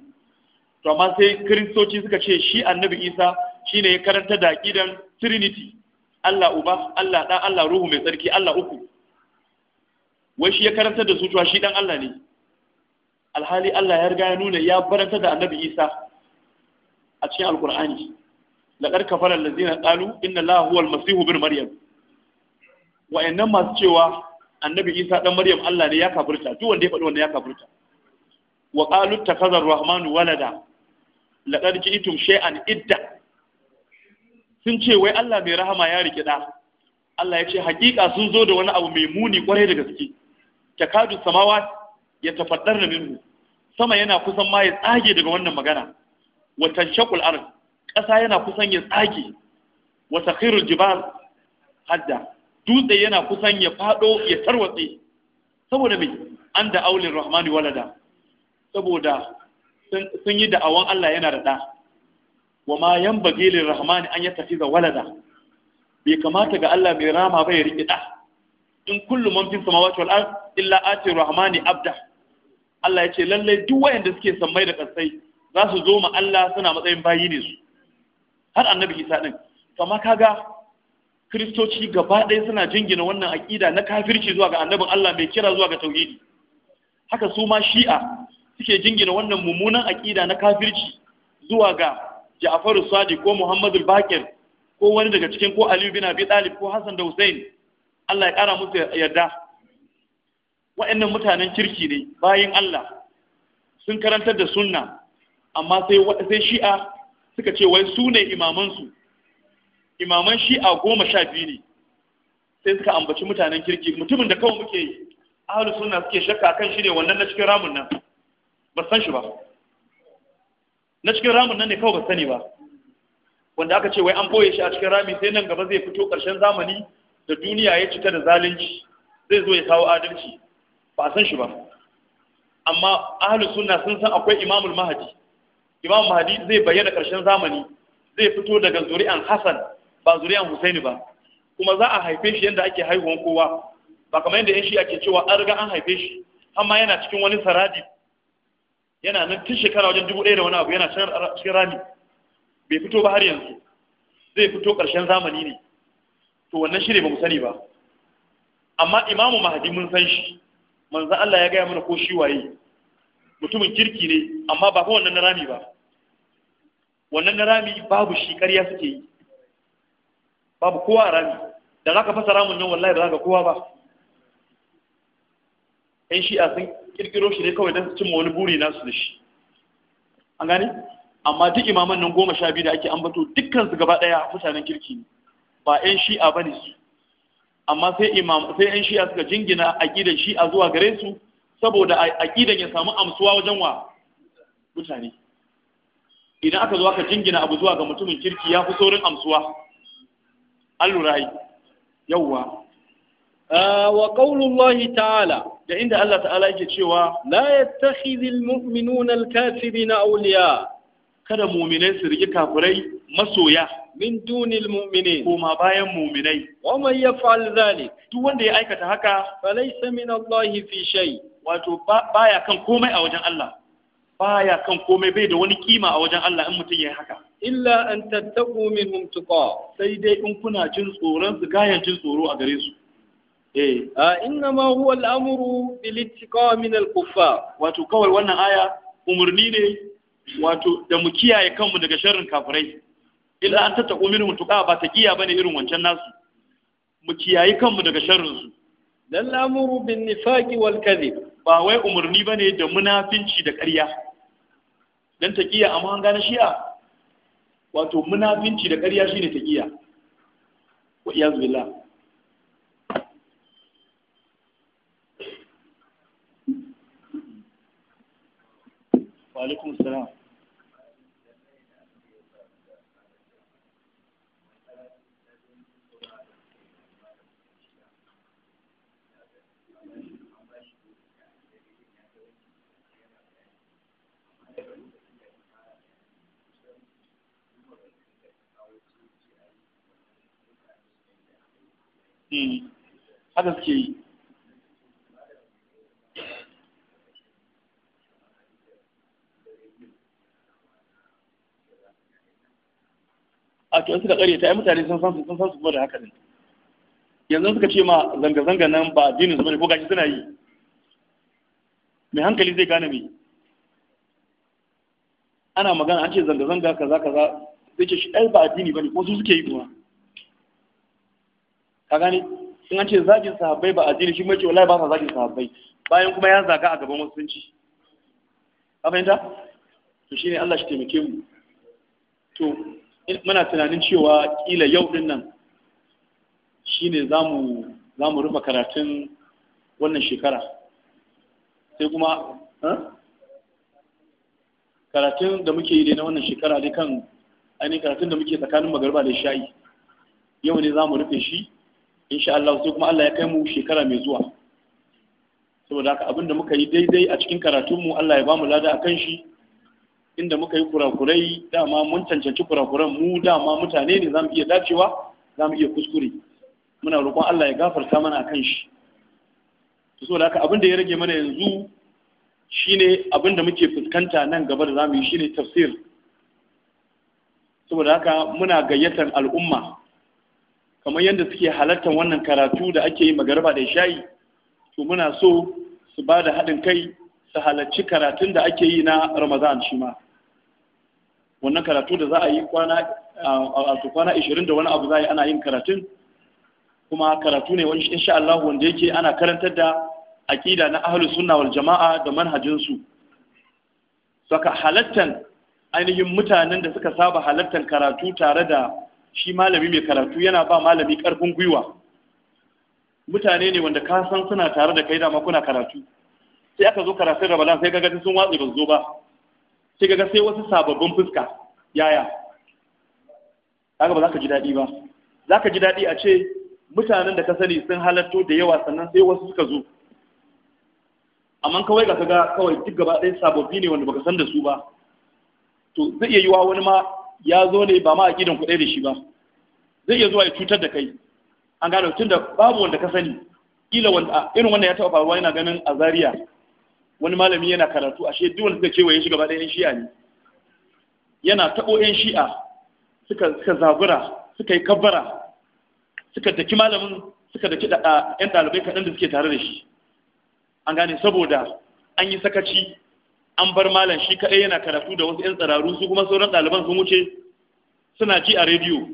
to amma sai kiristoci suka ce shi annabi Isa shine ya karanta da aqidan Trinity Allah uba Allah dan Allah ruhu mai tsarki Allah uku wai shi ya karanta da su cewa shi dan Allah ne alhali Allah ya riga ya nuna ya baranta da annabi Isa a cikin alkur'ani kar kafara allazina qalu inna allaha huwal masih ibn maryam wa'annan masu cewa annabi isa dan maryam Allah ne ya kafirta duk wanda ya faɗi wanda ya kafirta wa qalu takaza rahmanu walada laqad ji'tum shay'an idda sun ce wai Allah mai rahama ya rike da Allah ya ce hakika sun zo da wani abu mai muni kwarai da gaske takadu samawa ya tafaddar da minhu sama yana kusan ma ya tsage daga wannan magana wa tanshaqul ard ƙasa yana kusan ya tsage wa takhirul jibal hadda dutse yana kusan ya fado ya tarwatse saboda mai an da aulin rahmani walada saboda sun yi da'awan Allah yana da ɗa wa ma yan bagilin rahmani an ya tafi ga walada bai kamata ga Allah mai rama bai riƙe ɗa in kullu man fi samawati illa ati rahmani abda Allah ya ce lallai duk wayanda suke sammai da kasai za su zo ma Allah suna matsayin bayi ne su har annabi Isa din kama kaga kiristoci gaba ɗaya suna jingina wannan aƙida na kafirci zuwa ga annabin Allah mai kira zuwa ga tauhidi haka su ma shi'a suke jingina wannan mummunan aƙida na kafirci zuwa ga Ja'far Sadi ko Muhammadu Bakir ko wani daga cikin ko Aliyu bin Abi Talib ko Hassan da Hussein Allah ya ƙara musu yarda wa'annan mutanen kirki ne bayan Allah sun karantar da sunna amma sai sai shi'a suka ce wai su ne imamansu imaman shi'a goma sha biyu ne sai suka ambaci mutanen kirki mutumin da kawai muke yi ahalus suna suke shakka kan shi ne wannan na cikin ramun nan ba san shi ba na cikin ramun nan ne kawai ba sani ba wanda aka ce wai an boye shi a cikin rami sai nan gaba zai fito ƙarshen zamani da duniya ya cika da zalunci zai zo ya kawo adalci ba san shi ba amma ahlus suna sun san akwai imamul mahadi imam mahdi zai bayyana ƙarshen zamani zai fito daga zuri'an hasan ba zuriyan Husaini ba kuma za a haife shi yadda ake haihuwan kowa ba kamar yadda yan shi ake cewa an riga an haife shi amma yana cikin wani saradi yana nan tun shekara wajen dubu ɗaya da wani abu yana cikin rami bai fito ba har yanzu zai fito ƙarshen zamani ne to wannan shi ne ba mu sani ba amma imamu mahadi mun san shi manzo Allah ya gaya mana ko shi waye mutumin kirki ne amma ba fa wannan na rami ba wannan na rami babu shi ƙarya suke yi babu kowa a rami da za ka fasa ramin nan wallahi ba za ka kowa ba yan shi'a sun ƙirƙiro shi ne kawai don cimma wani buri nasu da shi an gane amma duk imaman nan goma sha biyu da ake ambato dukkan su gaba a mutanen kirki ne ba yan shi'a ba ne su amma sai imam sai yan shi'a suka jingina aƙidan shi'a zuwa gare su saboda aƙidan ya samu amsuwa wajen wa mutane idan aka zo aka jingina abu zuwa ga mutumin kirki ya fi saurin amsuwa allurai yawwa ah, wa qaulullahi ta'ala da inda Allah ta'ala yake cewa la yattakhidhul mu'minuna al kada mu'minai su riki kafirai masoya min dunil mu'minin kuma bayan mu'minai wa man yaf'al dhalik duk wanda ya aikata haka falaysa min Allah fi shay wato baya kan komai a wajen Allah baya kan komai bai da wani kima a wajen Allah in mutum ya yi haka illa an tattaku min tuqa sai dai in kuna jin tsoron su gaya jin tsoro a gare su eh a inna ma huwa al'amru bil ittiqa min al kuffar wato kawai wannan aya umurni ne wato da mu kiyaye kanmu daga sharrin kafirai illa an tattaku min tuqa ba ta kiya bane irin wancan nasu mu kiyaye kanmu daga sharrin su dan amru bin nifaqi wal kadhib ba wai umurni bane da munafinci da ƙarya dan taqiya amma an gane shi'a wato munafinci da ƙarya shine iya wa iya zuwa wa alaikum salam. haka suke yi a to suka kare ta yi mutane sun san su sun san su da haka ne yanzu suka ce ma zanga zanga nan ba dini su bane ko gashi suna yi mai hankali zai gane me ana magana an ce zanga zanga kaza kaza zai ce shi ɗai ba addini bane ko su suke yi kuma ka gane an ce zagin sahabbai ba addini shi mace ce wallahi ba sa zagin sahabbai bayan kuma ya zaga a gaban musulunci ka fahimta to shine Allah shi taimake mu to muna tunanin cewa kila yau din nan shine zamu zamu rufe karatun wannan shekara sai kuma karatun da muke yi na wannan shekara dai kan ainihin karatun da muke tsakanin magarba da shayi yau ne za mu rufe shi insha Allah sai kuma Allah ya kai mu shekara mai zuwa saboda haka abinda muka yi daidai a cikin karatun mu Allah ya bamu lada akan shi inda muka yi kurakurai dama mun cancanci kurakuran mu dama mutane ne zamu iya dacewa zamu iya kuskure muna roƙon Allah ya gafarta mana akan shi to saboda haka abinda ya rage mana yanzu shine abinda muke fuskanta nan gaba da zamu yi shine tafsir saboda haka muna gayyatar al'umma kamar yadda suke halartar wannan karatu da ake yi magarba da shayi to muna so su ba da haɗin kai su halarci karatun da ake yi na ramadan shi ma wannan karatu da za a yi kwana a 20 da wani abu za a yi ana yin karatun kuma karatu ne wani insha Allah wanda yake ana karantar da aqida na ahlus sunna wal jama'a da manhajin su saka halattan ainihin mutanen da suka saba halattan karatu tare da shi malami mai karatu yana ba malami ƙarfin gwiwa mutane ne wanda ka san suna tare da kai dama kuna karatu sai aka zo karatun ramadan sai kaga sun watsi ba zo ba sai kaga sai wasu sababbin fuska yaya kaga ba za ka ji daɗi ba za ka ji daɗi a ce mutanen da ka sani sun halatto da yawa sannan sai wasu suka zo amma kawai ga kaga kawai duk gaba ɗaya sababbi ne wanda baka san da su ba to zai iya yiwa wani ma ya zo ne ba ma a ku ɗaya da shi ba zai iya zuwa ya cutar da kai an gano da babu wanda ka sani kila wanda irin wanda ya taɓa faruwa yana ganin a Zariya. wani malami yana karatu ashe duk wanda suka kewaye shi gaba ɗaya shi'a ne yana taɓo 'yan shi'a suka suka zabura suka yi kabbara suka daki malamin suka daki da 'yan ɗalibai kaɗan da suke tare da shi an gane saboda an yi sakaci an bar malam shi kaɗai yana karatu da wasu 'yan tsararru su kuma sauran ɗaliban sun wuce suna ji a rediyo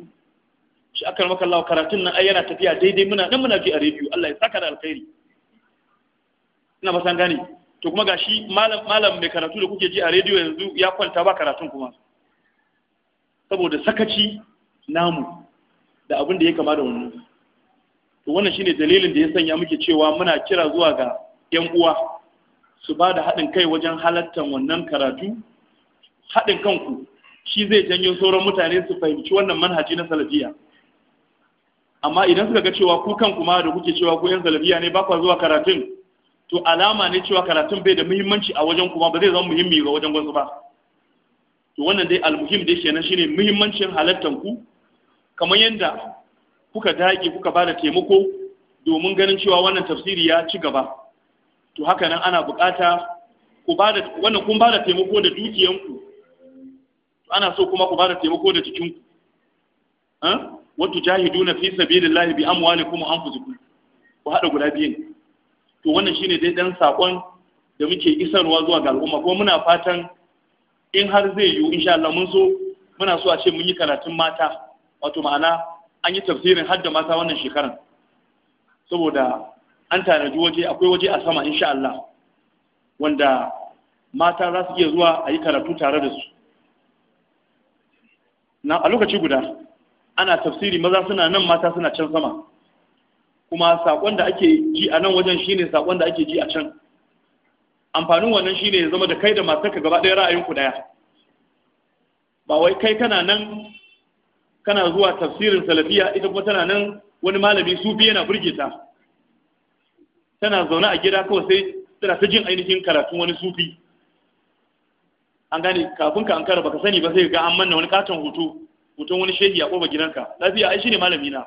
shi aka maka Allah karatun nan ai yana tafiya daidai muna nan muna ji a rediyo Allah ya saka da alkhairi ina ba san gane to kuma gashi malam malam mai karatu da kuke ji a rediyo yanzu ya kwanta ba karatun kuma saboda sakaci namu da abin da ya kama da wannan to wannan shine dalilin da ya sanya muke cewa muna kira zuwa ga 'yan uwa su ba da haɗin kai wajen halattar wannan karatu haɗin kanku shi zai janyo sauran mutane su fahimci wannan manhaji na salafiya amma idan suka ga cewa ku kanku ma da kuke cewa ku yan salafiya ne ba kwa zuwa karatun to alama ne cewa karatun bai da muhimmanci a wajen kuma ba zai zama muhimmi ga wajen wasu ba to wannan dai almuhim dai kenan shine muhimmancin halattar ku kamar yadda kuka dage kuka ba da taimako domin ganin cewa wannan tafsiri ya ci gaba to haka nan ana bukata ku bada wannan kun bada taimako da dukiyanku to ana so kuma ku bada taimako da jikinku ha wato jahiduna fi sabilillahi bi amwalikum wa anfusikum ku hada guda biyan to wannan shine dai dan sakon da muke isarwa zuwa ga al'umma kuma muna fatan in har zai yiwu insha Allah mun so muna so a ce mun yi karatun mata wato ma'ana an yi tafsirin da mata wannan shekaran saboda an tanadi waje akwai waje a sama insha Allah wanda mata za su iya zuwa a yi karatu tare da su na a lokaci guda ana tafsiri maza suna nan mata suna can sama kuma sakon da ake ji a nan wajen shine sakon da ake ji a can amfanin wannan shine ya zama da kai da ka gaba ɗaya ra'ayinku ɗaya ba wai kai kana nan kana zuwa tafsirin salafiya ita kuma tana nan wani malami sufi yana burge ta tana zaune a gida kawai sai tana ta jin ainihin karatun wani sufi an gane kafin ka an kara baka sani ba sai ga an manna wani katon hoto hoton wani shehi a kofa gidanka lafiya ai shine malami na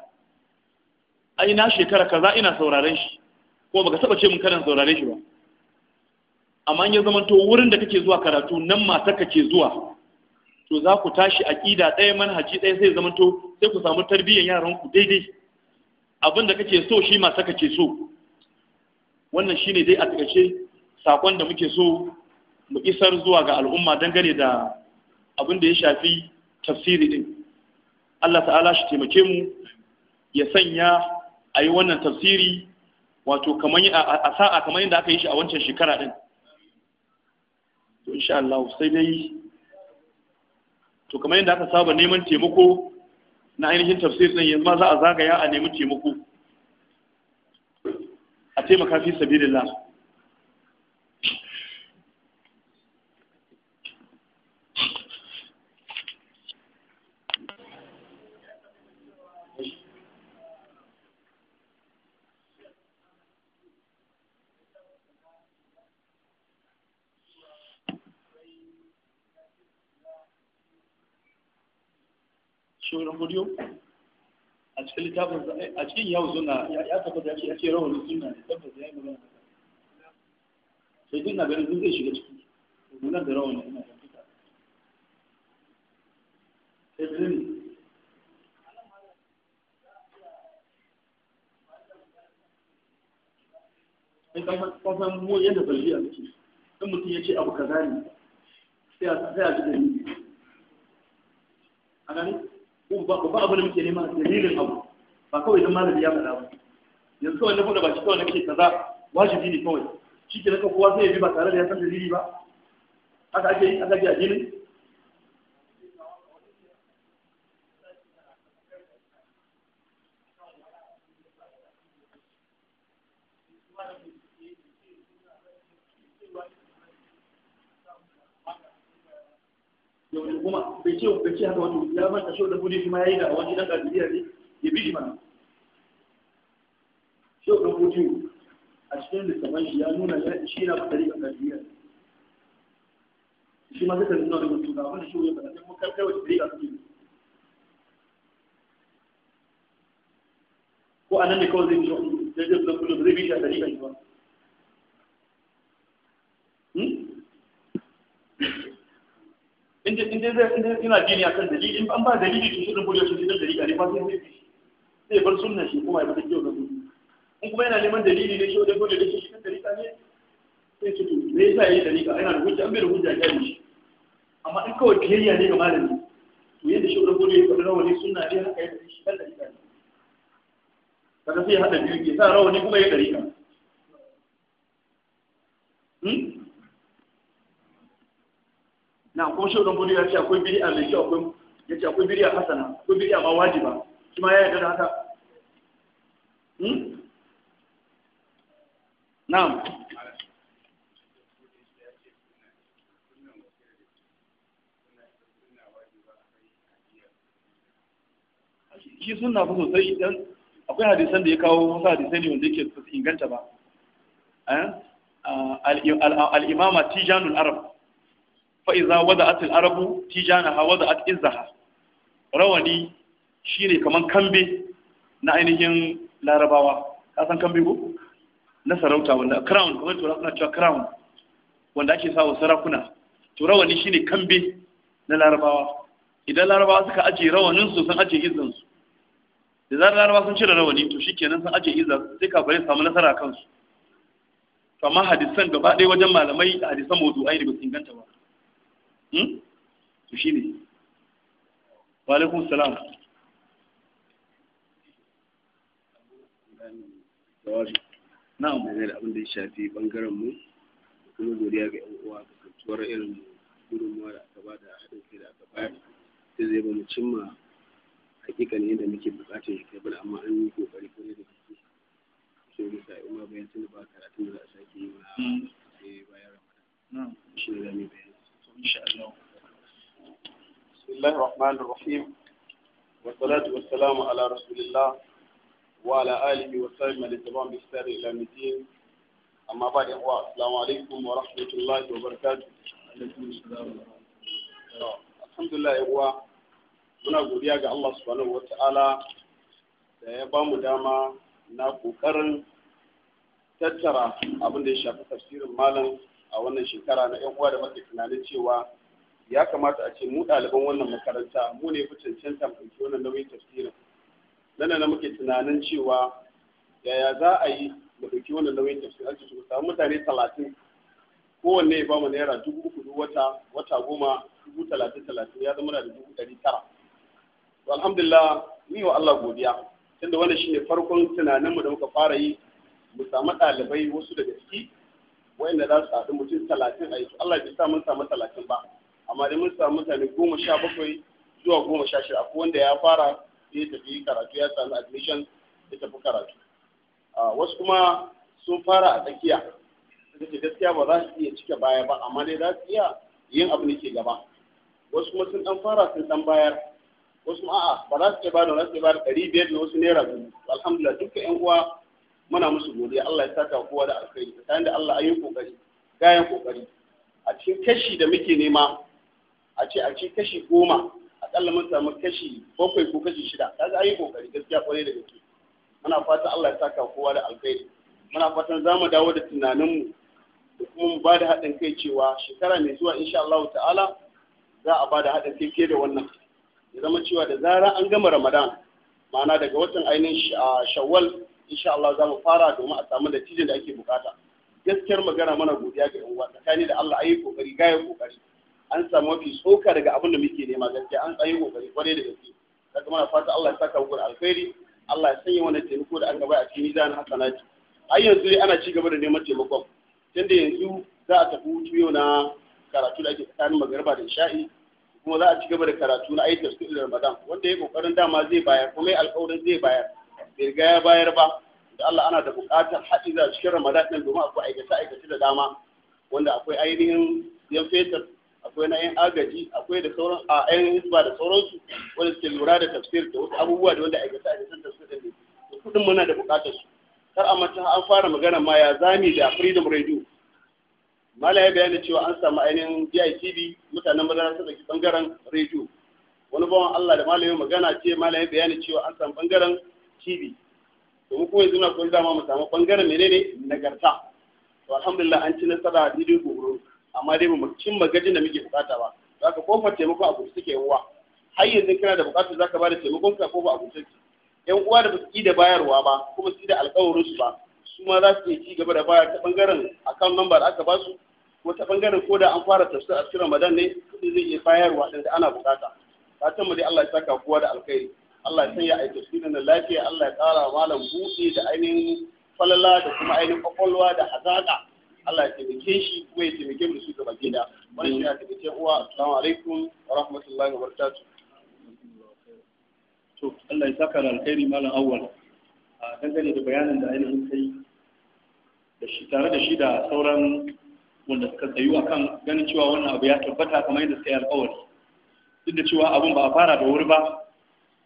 ai na shekara kaza ina sauraren shi ko baka taba ce mun kana sauraren shi ba amma ya zama to wurin da kake zuwa karatu nan matar kake zuwa to za ku tashi aqida ɗaya manhaji ɗaya sai zama to sai ku samu tarbiyyar yaran ku daidai abin da kake so shi matar ke so wannan shi ne dai a takaice sakon da muke so mu isar zuwa ga al'umma dangane da abin da ya shafi tafsiri din Allah ta'ala shi taimake mu ya sanya a yi wannan tafsiri wato kamar a sa'a kamar yadda aka yi shi a wancan shekara din to insha Allah sai to kamar yadda aka saba neman taimako na ainihin tafsir din yanzu ma za a zagaya a neman taimako taimaka fi sabilillah Show a cikin littafin a cikin yau suna ya tabbata ya ce ya ce rawani suna ne tabbata ya yi magana sai duk na ganin duk zai shiga ciki nan da rawani ina tabbata sai zini sai kasan mu yadda a ciki, in mutum ya ce abu kaza ne sai a ji da ni a gani ba abu da muke nema dalilin abu ba kawai don malami ya faɗa ba yanzu kawai na faɗa ba shi kawai nake kaza wajibi ne kawai shi ke naka kowa zai bi ba tare da ya san dalili ba haka ake yi aka ake addinin domin kuma bai ce bai ce haka wato ya manta shi da kudi kuma yayi da wani dan kadiriya ne ya bi shi mana shi da kudi a cikin littafin shi ya nuna shi na fadari ga kadiriya shi ma zaka nuna da mutum ga wani shi ya fada mun kai kai wata dariƙa kake ko anan ne kawai zai zai zai bi shi a dariƙa shi ba inda inda zai ina gini akan dalili in an ba dalili to shi rubuce shi da dalili ne ba sai zai sai bar sunna shi kuma ya bada kiyo da in kuma yana neman dalili ne shi wajen gode da shi shi kan dalika ne sai ki to me yasa yayi dalika yana da hujja an bai da hujja gani shi amma in kawai biyayya ne ga malami to yadda shi wajen gode ya faɗi rawani sunna ne haka ya shi kan dalika ne kaga sai ya haɗa biyu ke sa rawani kuma ya dalika na ko shi don buri ya ce akwai bid'a mai kyau akwai ya ce akwai bid'a hasana akwai bid'a ba wajiba Kuma ya yarda da haka hmm? na'am shi sunna fa sosai idan akwai hadisan da ya kawo wasu hadisai ne wanda yake su inganta ba eh? ah, al-imama tijanul arab fa iza wada'at al-arabu tijanaha at izaha rawani shine kaman kambe na ainihin larabawa ka san kambe ko na sarauta wanda crown kamar to suna cewa crown wanda ake sawa sarakuna to rawani shine kambe na larabawa idan larabawa suka ajiye rawanin su sun ajiye izinsu. su da zarar larabawa sun cire rawani to shikenan sun ajiye izinsu. sai ka bari samu nasara kansu to amma hadisan gaba ɗaya wajen malamai hadisan mawdu'ai ne ba su inganta ba Hmm? to shi ne walaikun salam na da da abin da ya shafi bangaren mu kuma godiya ga yan uwa ga kantuwar irin gudunmuwa da aka ba da haɗin kai da aka bayar sai zai ba mu cimma hakika ne yadda muke bukatar ya kai bala amma an yi kokari kwarai da gaske sai bisa sai umar bayan tunda ba karatun da za a sake yi ma hmm. sai bayan ramadan shi ne za mu bayan insha Allah بسم الله الرحمن الرحيم والصلاة والسلام على رسول الله وعلى آله وسلم لتمام بإحسان إلى مدين أما بعد إخوة السلام عليكم ورحمة الله وبركاته الحمد لله إخوة muna godiya ga Allah subhanahu wata'ala da ya ba mu dama na ƙoƙarin tattara abin da ya shafi tafsirin malam a wannan shekara na yan uwa da muke tunanin cewa ya kamata a ce mu ɗaliban wannan makaranta mu ne fi cancanta mu ɗauki wannan nauyin tafsirin nan na muke tunanin cewa yaya za a yi mu ɗauki wannan nauyin tafsirin an ce su samu mutane talatin kowanne ya bamu naira dubu uku duk wata wata goma dubu talatin talatin ya zama da dubu ɗari tara to alhamdulillah mu yi wa Allah godiya tunda wannan shine farkon tunaninmu da muka fara yi mu samu ɗalibai wasu daga ciki wanda za su haɗu mutum talatin a yanzu Allah bai sa mun samu talatin ba amma dai mun samu mutane goma sha bakwai zuwa goma sha shida akwai wanda ya fara ya tafi karatu ya sami admission ya tafi karatu ah, wasu kuma sun fara a tsakiya suka ce gaskiya ba za su iya cike baya ba amma dai za su iya yin abu ne ke gaba wasu kuma sun dan fara sun dan bayar wasu ma a'a ba za su iya ba da wasu su iya ba da ɗari biyar da wasu naira biyu alhamdulillah duka yan uwa muna musu godiya Allah ya saka kowa da alkhairi tsakanin da Allah ayi kokari gayan kokari a cikin kashi da muke nema a ce a cikin kashi goma akalla mun samu kashi bakwai ko kashi shida kaga ayi kokari gaskiya kwarai da gaske muna fatan Allah ya saka kowa da alkhairi muna fatan za mu dawo da tunaninmu da kuma mu ba da haɗin kai cewa shekara mai zuwa insha Allah ta'ala za a ba da haɗin kai fiye da wannan ya zama cewa da zara an gama ramadan ma'ana daga watan ainihin shawwal insha Allah za mu fara domin a samu natijar da ake bukata gaskiyar magana mana godiya ga yan uwa tsakani da Allah ayi kokari gaya kokari an samu mafi tsoka daga abin da muke nema gaskiya an tsaye kokari kwarai da gaske daga mana fata Allah ya saka ku da alkhairi Allah ya sanya wannan taimako da aka bai a cikin zan hasanati ai yanzu dai ana ci gaba da neman taimakon tunda yanzu za a tafi hutu yau na karatu da ake tsakanin magarba da isha'i kuma za a ci gaba da karatu na ayatul Ramadan wanda ya kokarin dama zai bayar kuma alƙawarin zai bayar bai riga ya bayar ba da Allah ana da bukatar haɗi za a cikin Ramadan ɗin domin akwai aikace aikace da dama wanda akwai ainihin yan fetur akwai na yan agaji akwai da sauran a yan hisba da sauransu wanda suke lura da tafsir da wasu abubuwa da wanda aikace aikacen tafsir da ne kuɗin muna da bukatar su kar a mace an fara magana ma ya zami da freedom radio mala ya bayyana cewa an samu ainihin bitv mutanen maza sun ɗauki bangaren radio wani bawan Allah da malamin magana ce malamin bayani cewa an samu bangaren cibi to mu kuma yanzu na koyi dama mu samu bangaren menene nagarta to alhamdulillah an ci nasara daidai goro amma dai mu cin magajin da muke bukata ba zaka kofa taimako a suke yawa har yanzu kana da bukatar zaka da taimakon ka ko ba a gudu yan uwa da basu da bayarwa ba kuma su da alƙawarin su ba su ma za su iya ci gaba da bayar ta bangaren account number da aka ba su ko ta bangaren ko da an fara tafsir a cikin Ramadan ne kudi zai iya bayarwa din da ana bukata fatan mu dai Allah ya saka kowa da alkhairi Allah ya sanya shi tafsirin lafiya Allah ya kara malam buɗe da ainihin falala da kuma ainihin kwakwalwa da hazaƙa Allah ya taimake shi kuma ya taimake mu su gaba gida wannan shi ya taimake uwa assalamu alaikum wa rahmatullahi wa barakatuh to Allah ya saka da alkhairi malam awwal a dangane da bayanin da ainihin kai da shi tare da shi da sauran wanda suka tsayu akan ganin cewa wannan abu ya tabbata kamar yadda suka yi alƙawari duk da cewa abun ba a fara da wuri ba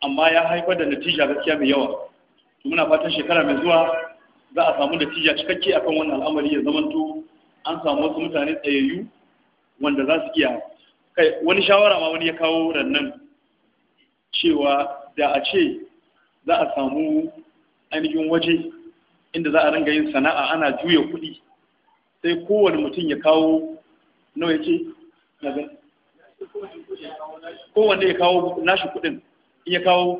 amma ya haifar da natija gaskiya mai yawa muna fatan shekara mai zuwa za a samu natija cikakke akan wannan al'amari ya zamanto an samu wasu mutane tsayayyu wanda za su iya kai wani shawara ma wani ya kawo rannan cewa da a ce za a samu ainihin waje inda za a ringa yin sana'a ana juya kuɗi sai kowane mutum ya kawo nawa ya ce ya kawo nashi kuɗin in ya kawo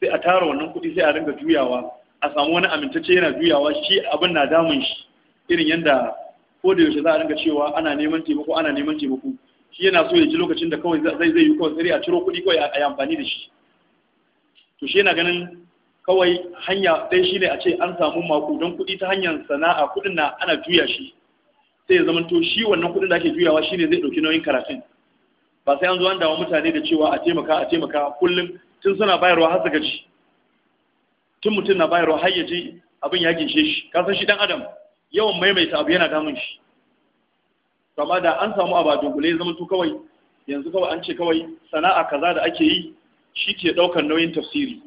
sai a tara wannan kuɗi sai a ringa juyawa a samu wani amintacce yana juyawa shi abin na damun shi irin yadda ko da yaushe za a ringa cewa ana neman taimako ana neman taimako shi yana so ya ji lokacin da kawai zai zai yi kawai sai a ciro kuɗi kawai a yi amfani da shi to shi yana ganin kawai hanya dai shi ne a ce an samu makudan kuɗi ta hanyar sana'a kuɗin na ana juya shi sai ya zamanto shi wannan kuɗin da ake juyawa shi zai ɗauki nauyin karatun ba sai an zo an dawo mutane da cewa a taimaka a taimaka kullum tun suna bayarwa har suka ci tun mutum na bayarwa har ya je abin ya ginshe shi ka san shi dan adam yawan maimaita abu yana damun shi amma da an samu abu a dunkule zama to kawai yanzu kawai an ce kawai sana'a kaza da ake yi shi ke ɗaukar nauyin tafsiri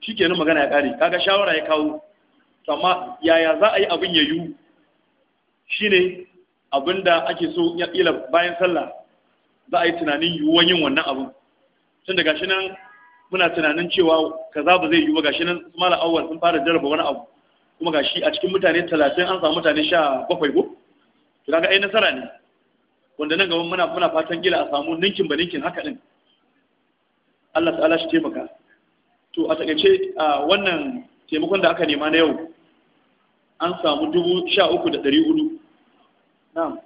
shi ke magana ya ƙare kaga shawara ya kawo amma yaya za a yi abin ya yiwu shine abin da ake so ya ila bayan sallah za a yi tunanin yiwuwan yin wannan abun tun da gashi nan muna tunanin cewa za ba zai yiwu ba gashi nan mala awwal sun fara jarraba wani abu kuma gashi a cikin mutane talatin an samu mutane sha bakwai ko to kaga ai nasara ne wanda nan gaban muna muna fatan gila a samu ninkin ba ninkin haka din Allah ta'ala shi taimaka to a takaice wannan taimakon da aka nema na yau an samu dubu sha uku da ɗari hudu na'am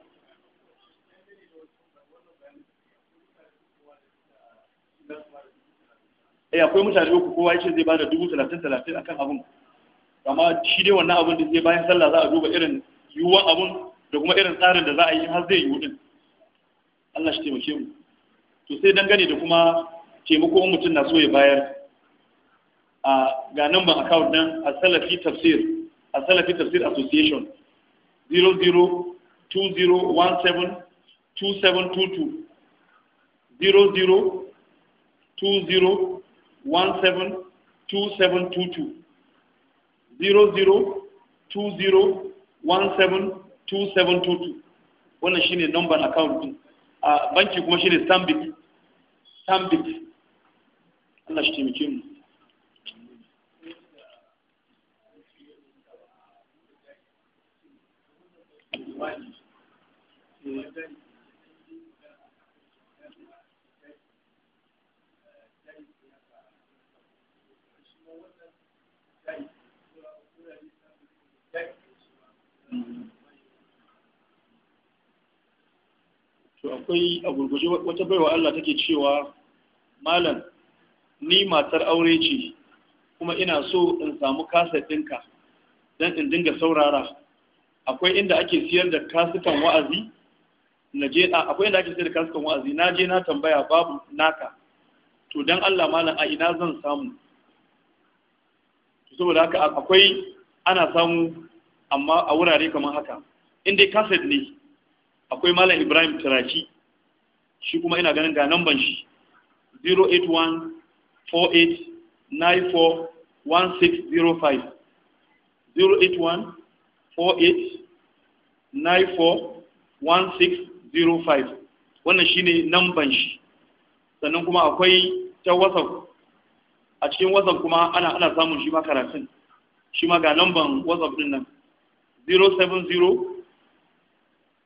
eh akwai mutane uku kowa yace zai bada dubu talatin talatin akan abun amma shi dai wannan abun da zai bayan sallah za a duba irin yiwuwan abun da kuma irin tsarin da za a yi har zai yiwu din Allah shi taimake mu to sai dangane da kuma taimako mutum na so ya bayar a ga number account nan a salafi tafsir a salafi tafsir association 2722 0020 0020172722 wannan shine number account din a banki kuma shine stambit stambit Allah shi taimake mu Thank you. to akwai a gurguje wata baiwa Allah take cewa malam ni matar aure ce kuma ina so in samu kaset ɗinka don in dinga saurara akwai inda ake siyar da kasukan wa'azi na je akwai inda ake siyar da kasukan wa'azi na je na tambaya babu naka to don Allah malam a ina zan samu saboda haka akwai ana samu amma a wurare kamar haka in dai kaset ne akwai malam ibrahim turaki shi kuma ina ganin ga namban shi 08148941605 08148941605 wannan shi ne namban shi sannan kuma akwai ta whatsapp a cikin whatsapp kuma ana ana samun shi ma karatun shi ma ga namban whatsapp din nan 070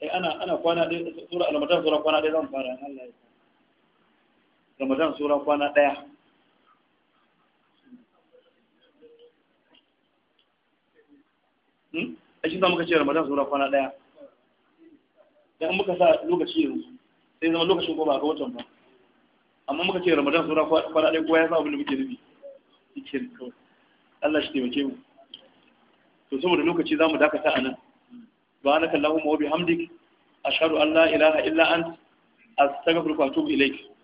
eh ana ana kwana ɗaya sura ramadan sura kwana ɗaya zan fara Allah ya ramadan sura kwana ɗaya hmm? a shi muka ce ramadan sura kwana ɗaya dan muka sa lokaci yanzu sai zama lokacin ko ba ga watan ba amma muka ce ramadan sura kwana ɗaya kowa ya sa abin da muke nufi Ikin kawai Allah shi taimake mu to saboda lokaci za mu dakata a nan subhanaka allahumma wa bihamdik ashhadu an la ilaha illa ant ilaik